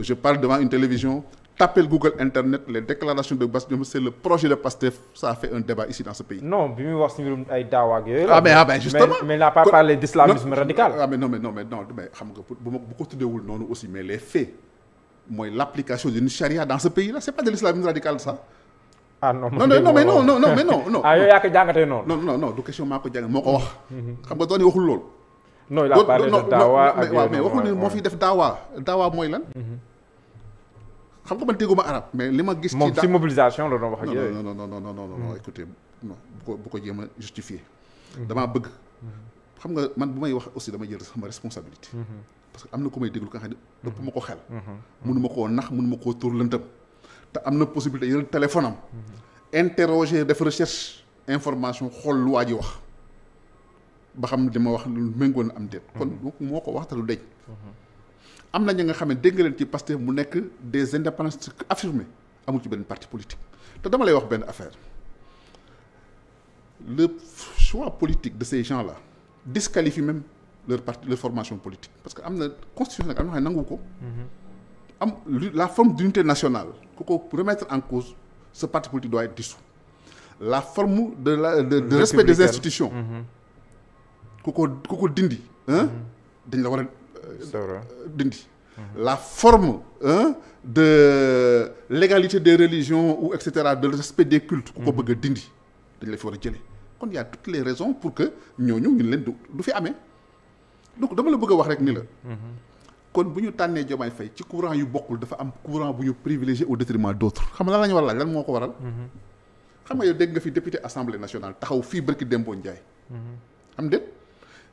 je parle devant une télévision. tapel Google internet les déclarations de Bass Thioung c'est le projet de Pastef ça a fait un débat ici dans ce pays. non bi muy wax si mbirum ay daawaak yooyu. Ah, ah, justement mais n'a pas parlé d'islamisme radical. ah non mais non mais non mais xam nga bu ma bu ko tuddeewul noonu aussi mais les mooy l'application d'une charia dans a pays là c'est pas de l'islamisme radical ça ah non non non mais non non non mais non non. ah yow ko jàngatee a parlé def daawa daawa mooy lan. xam nga man dégguma arab li ma gis. moom si mobilisation la doon wax ak yooyu. non non damaa bëgg. xam nga man bu may wax aussi dama jël sama responsabilité. parce que am na ku may déglu ka xam ne ëpp ma ko xel mënu mm-hmm. mm-hmm. ma koo nax mënu ma koo tur lëndëm te am na possibilité yeneen téléphone am mm-hmm. interroger def recherche information xool lu waa ji wax ba xam li ma wax lu méngoo na am déet kon moo ko waxtalu deñ am na ñi nga xam ne dégg nga leen ci Pastef mu nekk des indépendances affirmés amul ci benn parti politique te dama lay wax benn affaire le choix politique de ces gens là disqualifie même leur parti leur formation politique parce que am na constitution nag am na xam ne nangu ko. Mhm. am la forme d'unité nationale ku ko remettre en cause ce parti politique doit être la forme de la de, de respect des institutions. Mhm. dindi. Mhm. dañ la war a euh, dindi. la forme de l'égalité des religions ou et cetera de respect des cultes. ku ko bëgg a dindi dañ la fi war a jëlee kon y toutes les raisons pour que ñooñu ñu leen du fi ame donc dama la bëgg a wax rek ni la. Mhm. kon bu ñu tànnee Diomaye Faye ci courant yu bokkul dafa am courant bu ñu privilégié au détriment d' autres xam nga lan la ñu war a laaj lan moo ko waral. Mhm. xam nga dégg nga fi député assemblée nationale taxaw fii barki Dembo Ndiaye. Mhm. am déet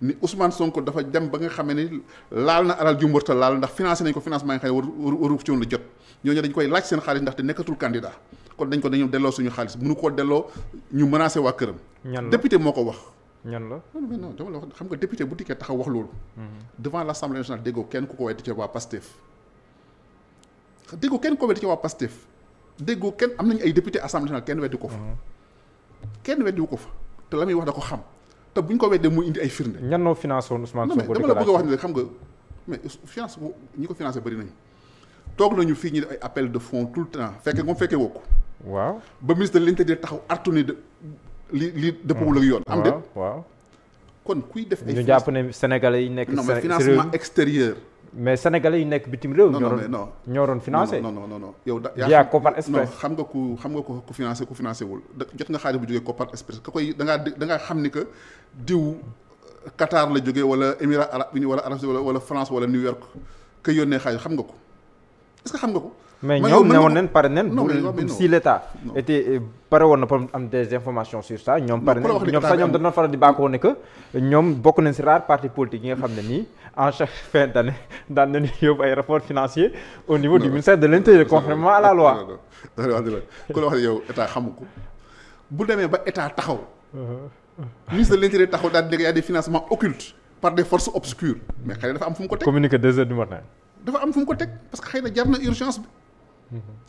ni Ousmane Sonko dafa dem ba nga xamee ni laal na alal ju laal ndax financé nañ ko financement nga xam ne waru waru ci woon la jot ñooñu dañ koy laaj seen xaalis ndaxte nekkatul candidat ñan la mais non dama la wax xam nga député bu dikkee taxaw wax loolu. Mhm. devant l' nationale déggoo kenn ku ko weddi ci waa Pastef. déggoo kenn ko weddi ci waa Pastef déggoo kenn am nañu ay député assemblée nationale kenn weddi ko fa. Mhm. kenn weddiwu ko fa te la muy wax da ko xam te buñ ko weddee muy indi ay firnde. ñan noo la bëgg a wax xam nga mais finance boobu ñi ko financé bëri toog nañu fii ñu def ay appel de fonds tout le temps fekkee moom fekkee woo ko. waaw ba l' intérieur taxaw artu ni li li dëppawul ak yoon. am déet ah, waaw kon kuy def. ay ñu jàpp ne sénégalais yi nekk. non mais financement extérieur. mais sénégalais yi nekk bitim réew. ñoo doon ñoo doon financé. non non non non yow da yaa Kopar Express non xam nga ko xam ku financé ku financé wul jot nga xaalis bu jógee Kopar Express ka koy da ngaa da xam ni que diw euh, Qatar la jógee wala Émirats arabes unis wala arabes wala France wala New York ka yónnee xaalis xam nga ko est-ce que xam nga ko. mais ñoom newoon nañ pare nañ. si l'état était euh, pare woon na pour am des informations sur ça ñoom pare nañ ñoom sax ñoom dañu faral di bàkkoo ne que ñoom bokk nañ si rare parti politique yi nga xam ne nii en chaque fin d'année daan nañu yóbbu ay rapport financier au niveau du ministère de l'intérieur conformément à la ku la wax ne yow état xamu ko bu demee ba état taxaw uh-huh. ministre de l'intérieur taxaw daal di nekk y a des financements occultes par des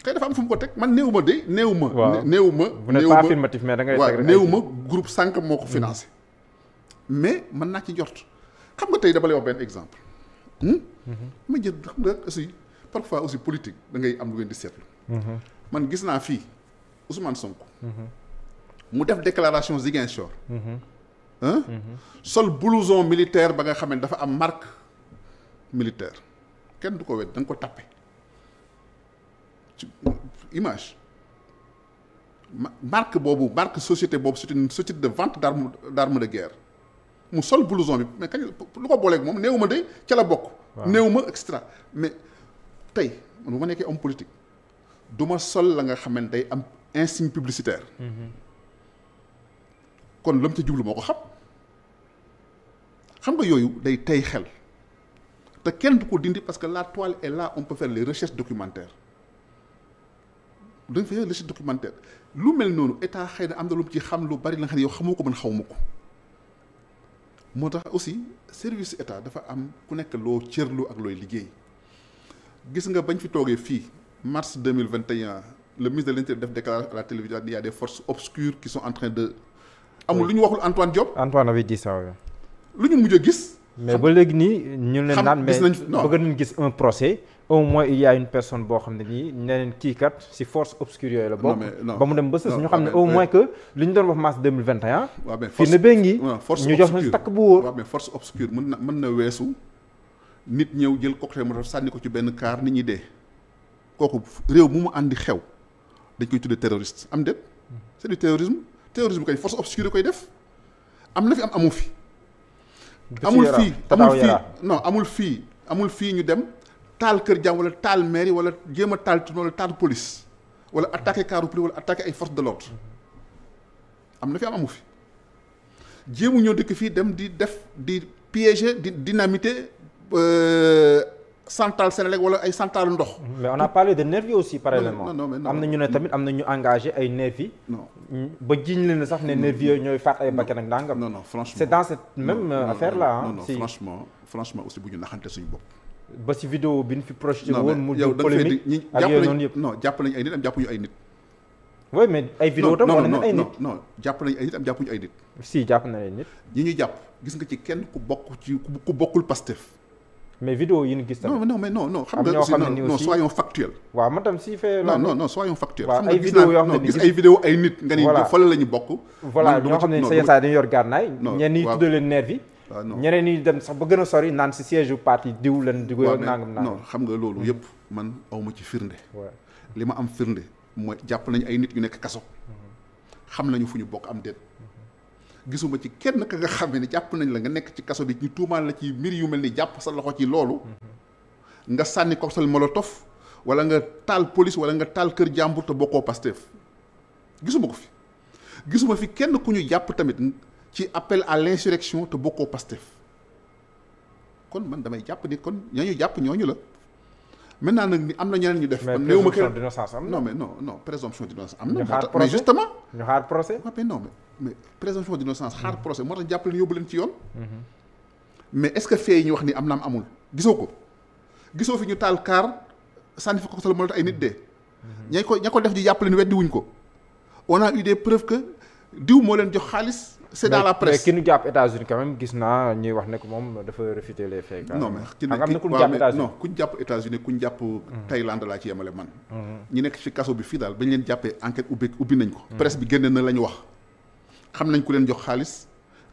xëy dafa am fu mu ko teg man néew ma de néew ma. waaw néew ma vous n'êtes mais da ngay néew ma groupe sànq moo ko mm-hmm. financé. mais man naa ci jort xam nga tey dama lay wax exemple. Hmm? Mm-hmm. ma jël xam nga aussi parfois aussi politique da ngay am lu ngeen di seetlu. Mm-hmm. man gis naa fii Ousmane sonk mu def déclaration Ziguinchor. sol blouson militaire ba nga xam dafa am marque militaire kenn du ko wet da ko tappe image marque boobu marque société boobu c'est une société de vente d'armes d'armes de guerre mu sol blouson bi mais kañ lu ko booleeg moom néew ma de ca la bokk. néew ma extra mais tey man bu ma nekkee homme politique du ma sol la nga xamante day am insigne publicitaire. Mhm. kon la mu ca jublu moo ko xam. xam nga yooyu day tey xel te kenn du ko dindi parce que la toile est là on peut faire les recherches documentaires. da nga fa yor recherche lu mel noonu état xëy na am na lu ci xam lu bari la nga xam ne yow xamoo ko man xawma ko moo tax aussi service état dafa am ku nekk loo lu ak looy liggéey gis nga bañ fi toogee fii mars 2021 le ministre de l'intérieur def déclaration à la télévision il y a des forces obscures qui sont en train de amul lu ñu waxul Antoine Diop Antoine avait dit ça oui. lu ñu mujj gis mais ba léegi nii ñu leen naan mais bëgg nañ gis un procès au moins il y une personne boo xam ne nii nee neen kii kat si force obscure yooyu la bokk ba mu dem ba sës ñu xam ne au moins euh, que li ñu doon wax mars 2021 waaw mais ngi ñu jox na takk bu wóor waaw mais force obscure mën na na weesu nit ñëw jël cocktail molotov sànni ko ci benn kaar nit ñi dee kooku réew mu mu àndi xew dañ koy tuddee terroriste am déet c'est du terrorisme terrorisme kay force obscure koy def am na fi am amu fi amul fii amul fii non amul fii amul fii ñu dem taal kër jàmm wala taal mairie wala jéem a taal wala taal police wala attaqué kaaru prix wala attaqué ay force de l'ordre am na fi am amu fi jéemu ñoo dëkk fii dem di def di piéger di dynamiter euh, centrale Sénélec wala ay centrale ndox. mais on a parlé de nervis aussi parallèlement. non am na ñu ne tamit am na ñu engagé ay nervis. non ba jiñ leen sax ne nervis yooyu ñooy faat ay bakkan ak nangam. non non franchement c'est dans cette même affaire là franchement aussi bu ñu naxante suñu bopp. ba si vidéo bi ñu fi projeté woon. mu jël polémique ak yooyu noonu yëpp non jàpp nañu ay nit am jàppuñu ay nit. oui mais na ay nit non jàpp nañu ay nit si jàpp nañu ay nit. ñi ñuy jàpp gis nga ci kenn ku bokk ci ku bokkul Pastef. mais vidéo yi ñu gis tamit. non non mais non non xam nga aussi non non soyons factuels. waaw man tam si fee. non non non ay vidéo yoo xam ne gis ay vidéo ay nit. nga ni fële la bokk. voilà ñoo xam ne sa yenn saa yor gànnaay. ñenn ñi tuddee leen Ah, ñeneen ñi dem sax ba gën a sori naan si siège yu parti diw leen di ko nangam naan non xam nga loolu hmm. yëpp man awma ci firnde li ma am firnde mooy jàpp nañu ay nit yu nekk kaso hmm. xam nañu fu ñu bokk am déet hmm. gisuma ci kenn ka nga xamee ne jàpp nañ la nga nekk ci kaso bi ñu tuumaal la ci mbir yu mel ni jàpp sa loxo ci loolu nga sànni cocktail molotov wala nga taal police wala nga taal kër jàmbur te bokkoo Pastef gisuma ko fi gisuma fi kenn ku ñu jàpp tamit ci appel à l'insurrection te bokkoo Pastef kon man damay jàpp ni kon ñooñu jàpp ñooñu la maintenant nag ni am na ñeneen ñu def. mais présomption d'innocence am na non mais non non présomption d'innocence am na. ñu xaar procès mais justement. ñu xaar procès. waaw mais non mais d'innocence xaar mm-hmm. procès moo tax jàpp leen yóbbu leen ci yoon. Mm-hmm. mais est fee yi ñu wax ni am na amul gisoo ko gisoo fi ñu taal kaar sànni fa ko solo ay nit dee. Mm-hmm. ña ko ña ko def di jàpp leen weddi ko on a eu que. diw moo leen jox xaalis. c'est dans la presse mais ki ñu jàpp États-Unis quand gis naa ñuy wax ne que moom dafa réfuter les faits. non mais ki ah, ne ku ñu jàpp États-Unis ku ñu jàpp États-Unis ku ñu laa ci yemale man. Mm-hmm. ñi nekk ci kaso bi fii daal bañ leen jàppee enquête ubbi ubbi nañ ko. Mm-hmm. presse bi génne na la ñu wax xam nañ ku leen jox xaalis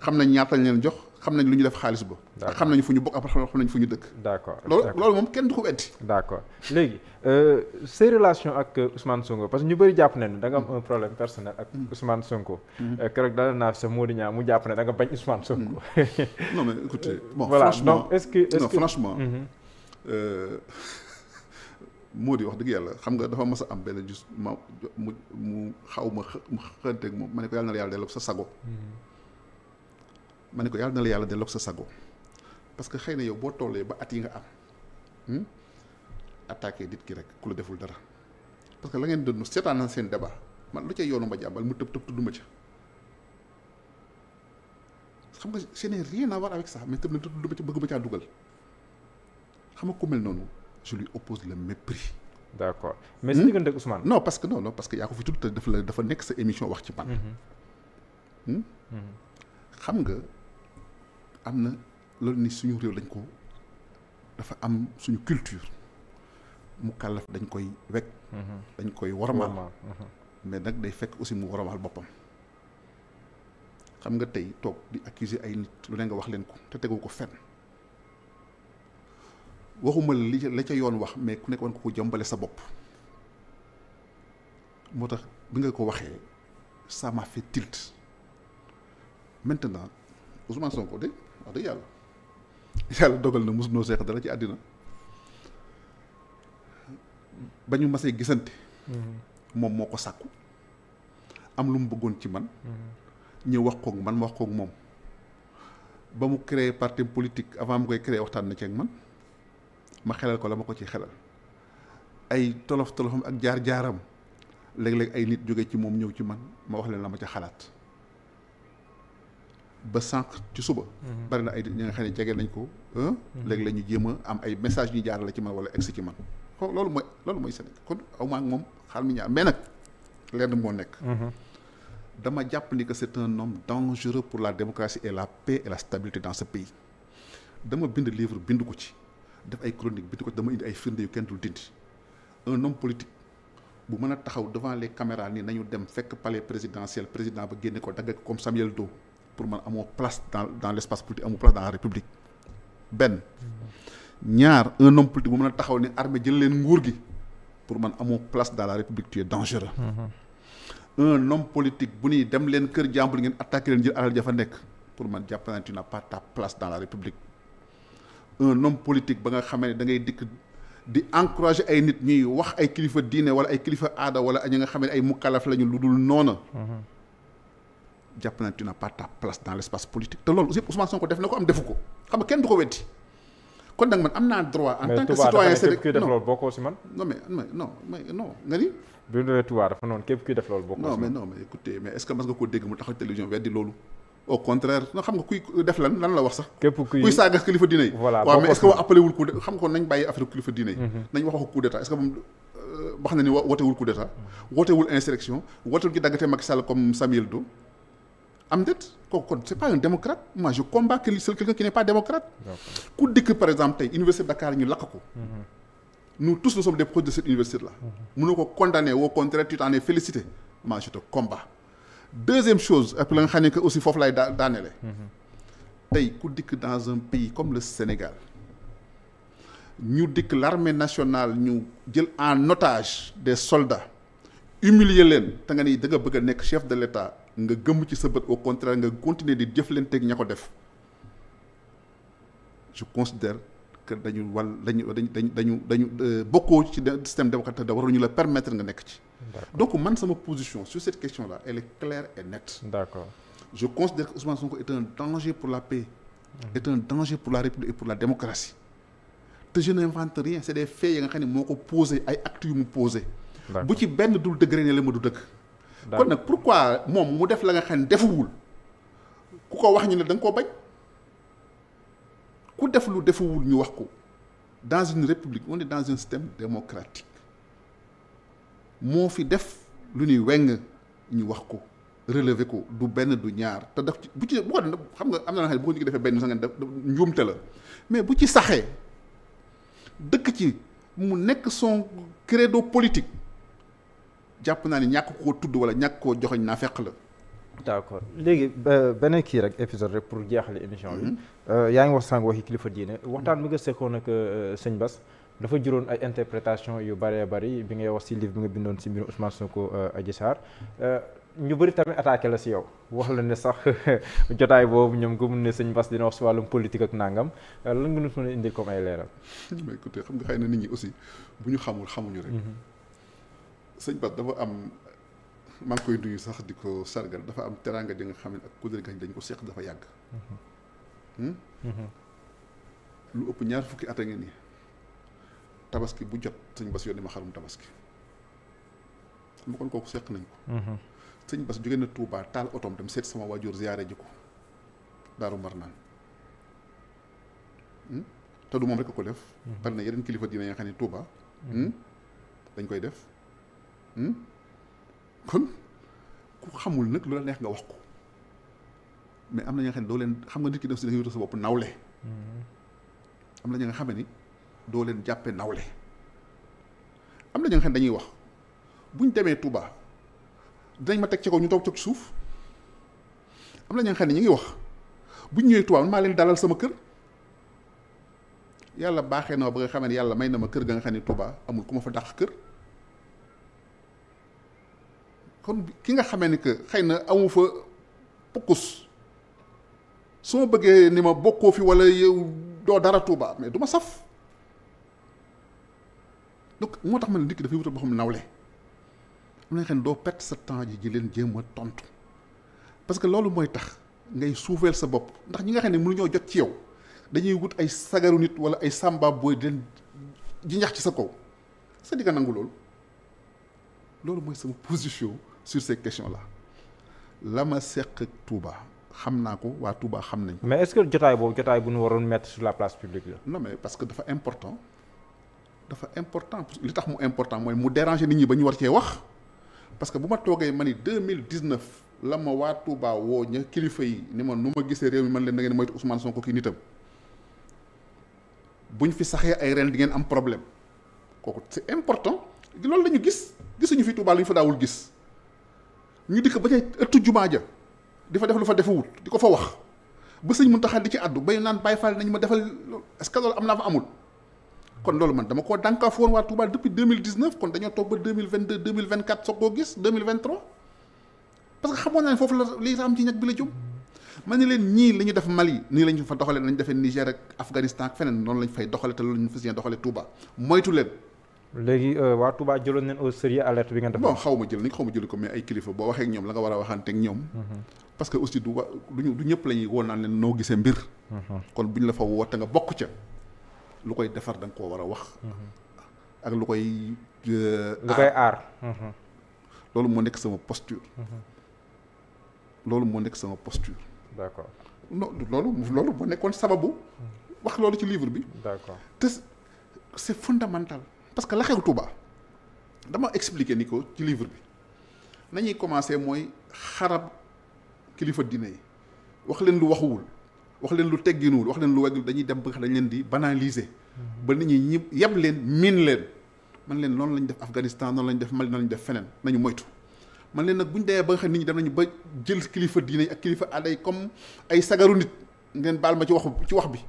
xam nañ ñaata lañ leen jox. xam nañ lu ñu def xaalis ba. ak xam nañ fu ñu bokk ak xam nañ fu ñu dëkk. d' accord loolu loolu moom kenn du ko weddi. d' léegi euh, say relation ak euh, Ousmane Sonko parce que ñu bëri jàpp nañ da nga am mm. un problème personnel ak mm. Ousmane Sonko. Mm. Euh, keroog dala naa sa Modou Niang mu jàpp ne da nga bañ Ousmane Sonko. non mais écoutez bon voilà donc est que est ce que franchement. Mm-hmm. Modou wax dëgg yàlla xam nga dafa mas a am benn juste ma mu mu xaw ma xë xënteeg moom ma ne ko yàlla na yàlla delloo sa sago. Mm-hmm. ma ne ko yàlla na la yàlla delloog sa sago parce que xëy na yow boo tollee ba at yi nga am hmm, attaqué dit ki rek ku la deful dara parce que la ngeen doon seetaan na seen débat man lu cay yoonu ma jàmbal mu tëb tëb ma ca xam nga ce n'est rien à voir avec ça mais tëb na tudd ca bëgg ma caa dugal xam nga ku mel noonu je lui oppose le mépris. d'accord mais si hmm? diggante ak Ousmane. non parce que non non parce que yaa ko fi tudd te dafa la dafa nekk sa émission wax ci man. Mhm. Hmm? Mhm. nga. am na loolu ni suñu réew lañ ko dafa am suñu culture mu kàllaf dañ koy wekk mhm. dañ koy warmaal mhm. mais nag day fekk aussi mu warmaal boppam xam nga tey toog di accuser ay nit lu ne nga wax leen ko te tegu ko fenn waxuma li la ca yoon wax mais ku nekk wan ko ko jàmbale sa bopp moo tax bi nga ko waxee ça m'a fait tilt maintenant Ousmane Sonko de wax dëgg yàlla yàlla dogal na mos noo seex dara ci àddina ba ñu masee gisante mm-hmm. moom moo ko sàkku am lu mu bëggoon ci man mm-hmm. ñëw wax koog man ma wax koog moom ba mu créé parti politique avant mu koy créé waxtaan na ci ak man ma xelal ko la ma ko ci xelal ay tolof tolofam ak jaar jaaram léeg-léeg ay nit jóge ci moom ñëw ci man ma wax leen la ma ca xalaat ba sànq ci suba. Mhm. bari na ay ñi nga xam ne jege nañ ko. Mhm. léegi la ñu jéem a am ay message ñu jaarale ci man wala egsi ci man loolu mooy loolu mooy Sénégal kon aw moom xaal mi ñaar mais nag lenn moo nekk. Mhm. dama jàpp ni que c'est un homme dangereux pour la démocratie et la paix et la stabilité dans ce pays dama bind livre bind ko ci def ay chronique bind ko ci dama indi ay firnde yu kenn dul dindi un homme politique bu mën a taxaw devant les caméras ni nañu dem fekk ba génne ko dagg ko comme pour man amoo place dans dans l' espace politique amoo place dans la république benn ñaar un homme politique bu mën a taxaw ne armée jël leen nguur gi pour man amoo palace dans la république tu es dangereux. Mm-hmm. un homme politique bu ñuy dem leen kër jàmbul ngeen attaqué leen jël alal jafa nekk pour man jàpp naa ne tu n'as pas ta place dans la république un homme politique ba nga xamee ne da ngay dikk di encourager ay nit ñuy wax ay kilifa diine wala ay kilifa aada wala ñi nga xam ne ay mukkalaf lañu lu dul noona mm-hmm. jàpp na tu n'as pas ta place dans l'espace politique te loolu aussi Ousmane Sonko def na ko am defu ko xam nga kenn du ko weddi kon nag man am naa droit. en tant que citoyen sénégalais weddi loolu. au contraire non xam nga kuy def lan lan la wax sax. képp kuy saaga kilifa diine yi. waaw mais est-ce que waa appelé wul xam nga kon nañ bàyyi affaire kilifa diine yi. Mhm. nañ wax ko coup d'état est-ce que moom euh, wax na ni wootewul coup d'état mhm. wootewul insurrection wootewul ci daggate am déet kooku kon c'est pas un démocrate moi je ku dëkk par exemple tey université Dakar ñu lakk ko mm-hmm. nous tous nous sommes des proches de cette université là mm-hmm. mënoo ko condamner au contraire tu félicité moi te combats deuxième chose après la nga xam ne que aussi foofu lay daa daanele mm-hmm. tey ku dikk dans un pays comme le Sénégal ñu dikk l'armée national ñu jël en otage des solda humilier leen te nga ni da nga bëgg nekk chef de l'État nga gëmm ci sa bët au contraire nga continuer di jëflanteeg ña ko def je considère que dañu wal dañu dañu dañu dañu euh, bokkoo ci système démocratique da waruñu la permettre nga nekk ci. donc man sama position sur cette question là elle est claire et nette. d'accord je considère que Ousmane Sonko est un danger pour la paix. Mmh. est un danger pour la République et pour la démocratie. te je n'invente rien c'est des yi nga xam ne moo ko posé ay actes yu mu posé. bu ci benn dul dëgg rek la ma du dëgg. kon nag pour quoi moom mu def la nga xam ne defuwul ku ko wax ñu ne da ko bañ ku def lu defuwul ñu wax ko dans une république on est dans un système démocratique moo fi def lu ñuy weng ñu wax ko relever ko du benn du ñaar te daf ci bu ci bu ko xam nga am na loo bu ko ñu defee benn sax nga def njuumte la mais bu ci saxee dëkk ci mu nekk son credo politique jàpp naa ne ñàkk koo tudd wala ñàkk koo joxoñ naa fekk la. d' accord léegi euh, beneen kii rek épisode rek pour jeexale émission bi. Mm-hmm. Euh, yaa ngi wax sànq waxi kilifa diine waxtaan bi nga sekkoon ak euh, sëñ bas dafa juróon ay interprétation yu bëree bari bi ngay wax si livre bi nga bindoon si mbiru Ousmane Sonko Adji Sarr ñu bari tamit attaqué la si yow wax la ne sax jotaay boobu ñoom gëmul ne sëñ Bass dina wax si wàllum politique ak nangam lan nga nu mën a indil comme nit ñi aussi bu ñu xamul xamuñu rek. Mm-hmm. sëñ Ba dafa am maa ngi koy nuyu sax di ko sargal dafa am teraanga di nga xam ne ak kuréel gañ dañ ko seq dafa yàgg. Mm-hmm. Hmm? Mm-hmm. lu ëpp ñaar fukki at a ngi nii tabaski bu jot sëñ Bas yónni ma xarum tabaski xam kooku seq nañ ko. Mm-hmm. sëñ Bas jóge na Touba taal otoom dem seet sama waajur ziyaare ji ko Daaru Marnaan hmm? te du moom rek a ko def. bari na yeneen kilifa dina nga xam ne Touba. Hmm? dañ koy def. Hmm? kon ku xamul nag lu la neex nga wax ko mais am na ñoo xam ne doo leen xam nga nit ki def si dañuy wutal sa bopp nawle. Hmm. am na ña nga xam ne ni doo leen jàppee nawle am na ña xam ne dañuy wax buñ demee Touba dañ ma teg ci ko ñu toog toog suuf am na ña xam ne ñu ngi wax buñ ñëwee Touba man maa leen dalal sama kër yàlla baaxee na ba nga xam ne yàlla may na ma kër ga nga xam ne tubaa amul ku ma fa dàq kër. kon ki nga xamee ni que xëy na amu fa pukkus su ma bëggee ni ma bokkoo fi wala yow doo dara Touba mais du ma saf donc moo tax ma ne nit ki dafay wutal boo xam nawle am na xam ne doo perte sa temps ji leen jéem tontu parce que loolu mooy tax ngay suufeel sa bopp ndax ñi nga xam ne mu ñoo jot ci yow dañuy wut ay sagaru nit wala ay sàmba booy di leen ji ci sa kaw sa di nangu loolu loolu mooy sama position sur ces questions la la ma seq Touba xam naa ko waa Touba xam nañ mais est jotaay boobu jotaay bu nu waroon mettre sur la place publique la. non mais parce que dafa important dafa important li tax mu important mooy mu déranger nit ñi ba ñu war cee wax parce que bu ma toogee ma ni deux mille dix-neuf la ma waa Touba woo ña kilifa yi ni ma nu ma gisee réew mi man leen da ngeen moytu Ousmane Sonko kii nitam buñ fi saxee ay ren di ngeen am problème kooku c'est important loolu la ñu gis gisuñu fi Touba lu fa daawul gis. ñu dikk ba ca ëttu jumaa ja di fa def lu fa defewut di ko fa wax ba sëñ Muntaxa di ci àddu bay naan Baay Faal nañ ma defal est-ce que loolu am naa fa amul kon loolu man dama koo dànkaafu woon waa Touba depuis deux mille dix-neuf kon dañoo toog ba deux mille vingt-deux deux mille vingt-quatre soog koo gis deux mille vingt-trois parce que xamoon naa ne foofu la liy raam ci ñag bi la jëm ma ne leen ñii li ñu def Mali nii lañu fa doxale nañu defee Niger ak Afghanistan ak feneen noonu lañ fay doxale te loolu ñu fas yéene léegi euh, waa Touba jëloon nañ au sérieux alerte bi nga def. bon xaw ma jël xaw ma jël ko mais ay kilifa boo waxee ak ñoom la nga war a waxante ak ñoom. Mhm. parce que aussi du wa du ñu du ñëpp la ñuy woo naan leen noo gisee mbir. Mhm. kon ñu la fa woote nga bokk ca lu koy defar da nga koo war a wax. Mhm. ak lu koy. Euh, lu aar. loolu moo nekk sama posture. loolu moo nekk sama posture. d'accord non loolu loolu moo nekkoon sababu. wax loolu ci livre bi. d'accord te c'est fondamental. parce que la xew Touba dama expliquer ni ko ci livre bi nañuy commencer mooy xarab kilifa diine yi wax leen lu waxuwul wax leen lu tegginuwul wax leen lu weggul dañuy dem ba leen di banaliser. Mhm. ba nit ñi ñib yeb leen miin leen man leen noonu lañ def Afghanistan noonu lañ def Mali noonu lañ def feneen nañu moytu. man leen nag buñ demee ba nga xam nit ñi dem nañu ba jël kilifa diine yi ak kilifa aaday comme ay sagaru nit ngeen baal ma ci wax ci wax bi.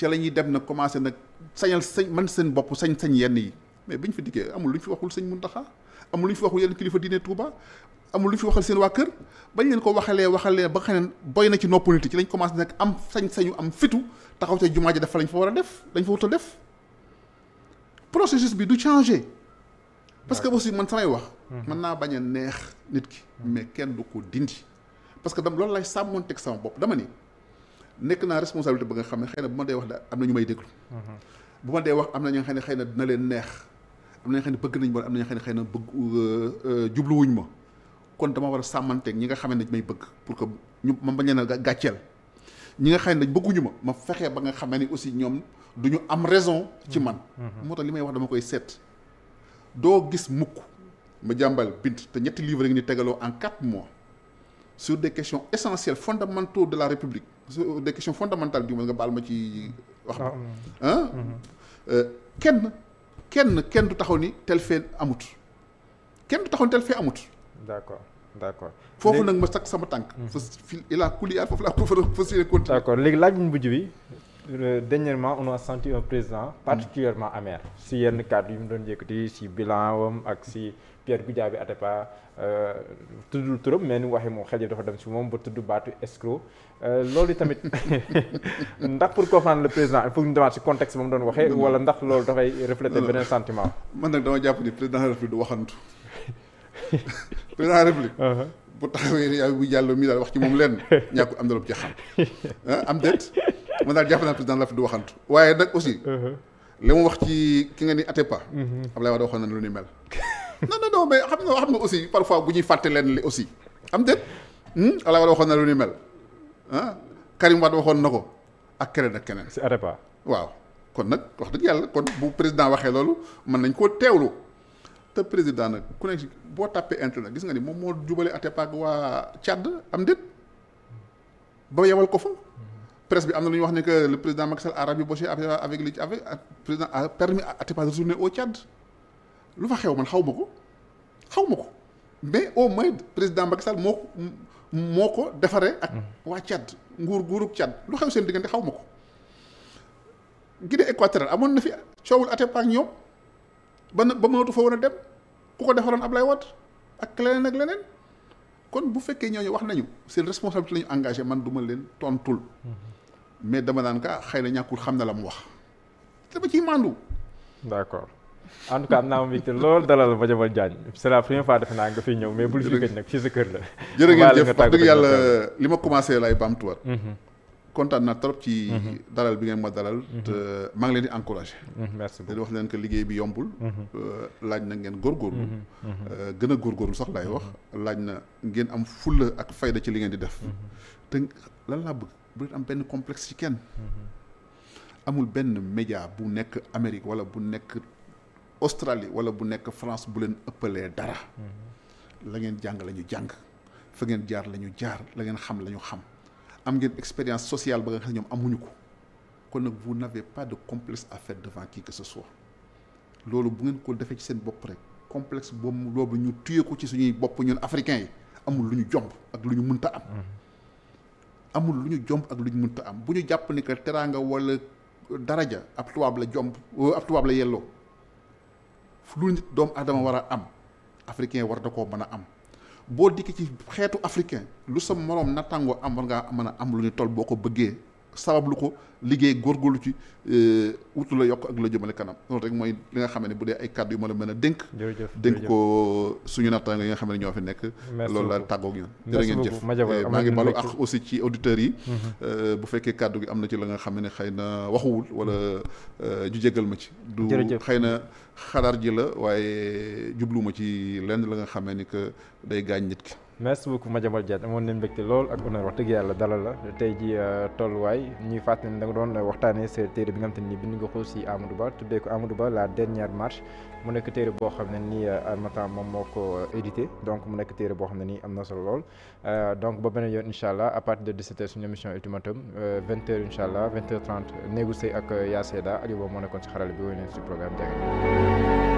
ci la ñuy dem nag commencé nag sañal sañ man seen bopp sañ-sañ yenn yi mais biñ fi dikkee amul lu ñu fi waxul sëñ Muntaxa amul lu ñu fi waxul yenn kilifa diine Touba amul lu ñu fi waxal seen waa kër bañ leen ko waxalee waxalee ba nga xam ne boy na ci nopp nit ci lañ commencé nag am sañ-sañu am fitu taxaw sa jumaa ji dafa lañ fa war a def dañ fa wut a def processus bi du changé parce que aussi man samay wax mhm. mën naa bañ neex nit ki mhm. mais kenn du ko dindi parce que dam loolu lay sàmmoon teg sama bopp dama ni nekk naa responsabilité ba nga xam ne xëy na bu ma dee wax da am na ñu may déglu bu ma dee wax am na ñi nga xam ne xëy na dina leen neex am na ñoo xam ne bëgg nañ ma am na ñoo xam ne xëy na bëgg euh, euh, jubluwuñ ma kon dama war a sàmmanteeg ñi nga xam ne dañ may bëgg pour que ñu ma bañ leen a gàcceel ñi nga xam ne dañ bëgguñu ma ma fexee ba nga xam ne aussi ñoom du ñu am raison ci man mm-hmm. moo tax li may wax dama koy seet doo gis mukk ma jàmbal bind te ñetti livre ngi ni tegaloo en quatre mois sur des questions essentielles fondamentaux de la république des questions fondamentales du nga baal ma ci wax ah, mm. mm-hmm. euh, kenn kenn kenn du taxaw ni tel fee amut kenn du taxaw ni tel fee amut d'accord d'accord foofu nag ma sakk sama tànk mm-hmm. fa fi ilaa kuliyaar foofu laa ko fa fa si continuer d'accord léegi laaj bu mujj bi euh, dernièrement on a senti un président mm-hmm. particulièrement amer si yenn cadre yi mu doon yëkkati si bilan wam ak si Pierre Goudiaby Atepa euh, tuddul turam mais ni mu waxee moom xel yi dafa dem si moom ba tudd baatu escroc euh, loolu tamit ndax pour comprendre le président il faut ñu demaat si contexte ba mu doon waxee. wala ndax loolu dafay refléter beneen sentiment. man nag dama jàpp ni président de la République du waxantu président de uh-huh. bu taxawee yaa bu jàll mi daal wax ci moom lenn ñàkk am na lu ci ah, am déet man daal jàpp naa président la fi du waxantu waaye nag aussi. Uh-huh. li mu wax ci ki nga ni Atepa. Mm-hmm. non non non mais xam nga xam nga aussi parfois bu ñuy fàtte leen li aussi am déet ala waxoon na lu ni mel ah Karim Wade waxoon na ko ak keneen ak keneen. si waaw kon nag wax dëgg yàlla kon bu président waxee loolu mën nañ koo teewlu te président nag ku nekk boo tàppee internet gis nga ni moom moo jubale Atepa ak waa Tchad am déet ba yewal ko fa. presse bi am na lu ñuy wax ne que le président Macky Sall a rabiboché avec avec li avec président a permis Atepa de retourner au Tchad. lu fa xew man xaw ma ko xaw ma ko mais au moins président Macky Sall moo moo ko defaree ak mm. waa Tchad nguur nguurug Tchad lu xew seen diggante xaw ma ko Guinée équatoriale amoon na fi coowul Atepa ak ñoom ba ba mënatu fa woon a dem ku ko defaroon ab lay Wade ak leneen ak leneen kon bu fekkee ñooñu wax nañu seen responsabilité la ñu engagé man duma leen tontul mm-hmm. mais dama naan ka xëy na ñàkkul xam na la mu wax dama ciy màndu d'accord en tout cas am naa am mbégte lool dalal ba jabal Diagne c'est la première fois defe naa nga fiy ñëw mais bul fi gëj nag fii sa kër la jërë ngeen jëf wax dëgg yàlla li ma commencé lay bamtuwaat mhm. kontaan naa trop ci mhm. dalal bi ngeen ma dalal mhm. te maa ngi leen di encouragé merci beaucoup wax leen que liggéey bi yombul euh, laaj na ngeen góorgóorlu euh, gën a góorgóorlu sax laay wax laaj na ngeen am fulla ak fayda ci li ngeen di def te lan laa bëgg bu leen am benn complexe ci kenn amul benn média bu nekk Amérique wala bu nekk Australie wala bu nekk France bu leen ëppalee dara la ngeen jàng la ñu jàng fa ngeen jaar la ñu jaar la ngeen xam la ñu xam am ngeen expérience sociale ba nga xam ne ñoom amuñu ko kon nag vous n'avez pas de complexe à faire devant qui que ce soit loolu bu ko defee ci seen bopp rek complexe boobu loolu ñu tuyee ko ci suñuy bopp ñun africains yi amul lu ñu jomb ak lu ñu mënta am amul lu ñu jomb ak lu ñu mënta am bu ñu jàpp ni que teraanga wala daraja ab tubaab la jomb ab tubaab la yelloo fu lu nit doomu aadama war a am africain war da koo mën a am boo dikkee ci xeetu africain lu sa moroom nattangoo am war ngaa mën a am lu ñu toll boo ko bëggee sabablu ko liggéey góorgóorlu ci euh, wutu la yokk ak la jëmale kanam loolu rek mooy li nga xam ne bu dee ay kàddu yu ma la mën a dénk dénk ko suñu nattaango yi nga xam ne ñoo fi nekk loolu la tàggoog ñun jërë ngeen jëf eh, maa ngi balu ak aussi ci auditeurs yi mhm. euh, bu fekkee kàddu gi am na ci la nga xam ne xëy na waxuwul wala euh, ju jégal ma ci du xëy na xalaat ji la waaye jublu ma ci lenn la nga xam ni que day gaañ nit ki merci beaucoup Madiambal Diagne amoon nañ mbégte lool ak honneur wax dëgg yàlla dalal la tey ji euh, tolluwaay ñuy fàttali ne da nga doon waxtaanee sa téere bi nga xam te ni bi nga ko si Amadou Ba tuddee ko Ba la dernière marche mu nekk téere boo xam ne nii Harmattan euh, moom moo ko euh, édité donc mu nekk téere boo xam ne nii am na solo lool donc ba beneen yoon incha allah à partir de 17h suñu émission ultimatum 20h incha allah 20h30 négocier ak Yaa Seda Aliou boobu moo nekkoon si xarala bi wéy nañ si programme Jaga.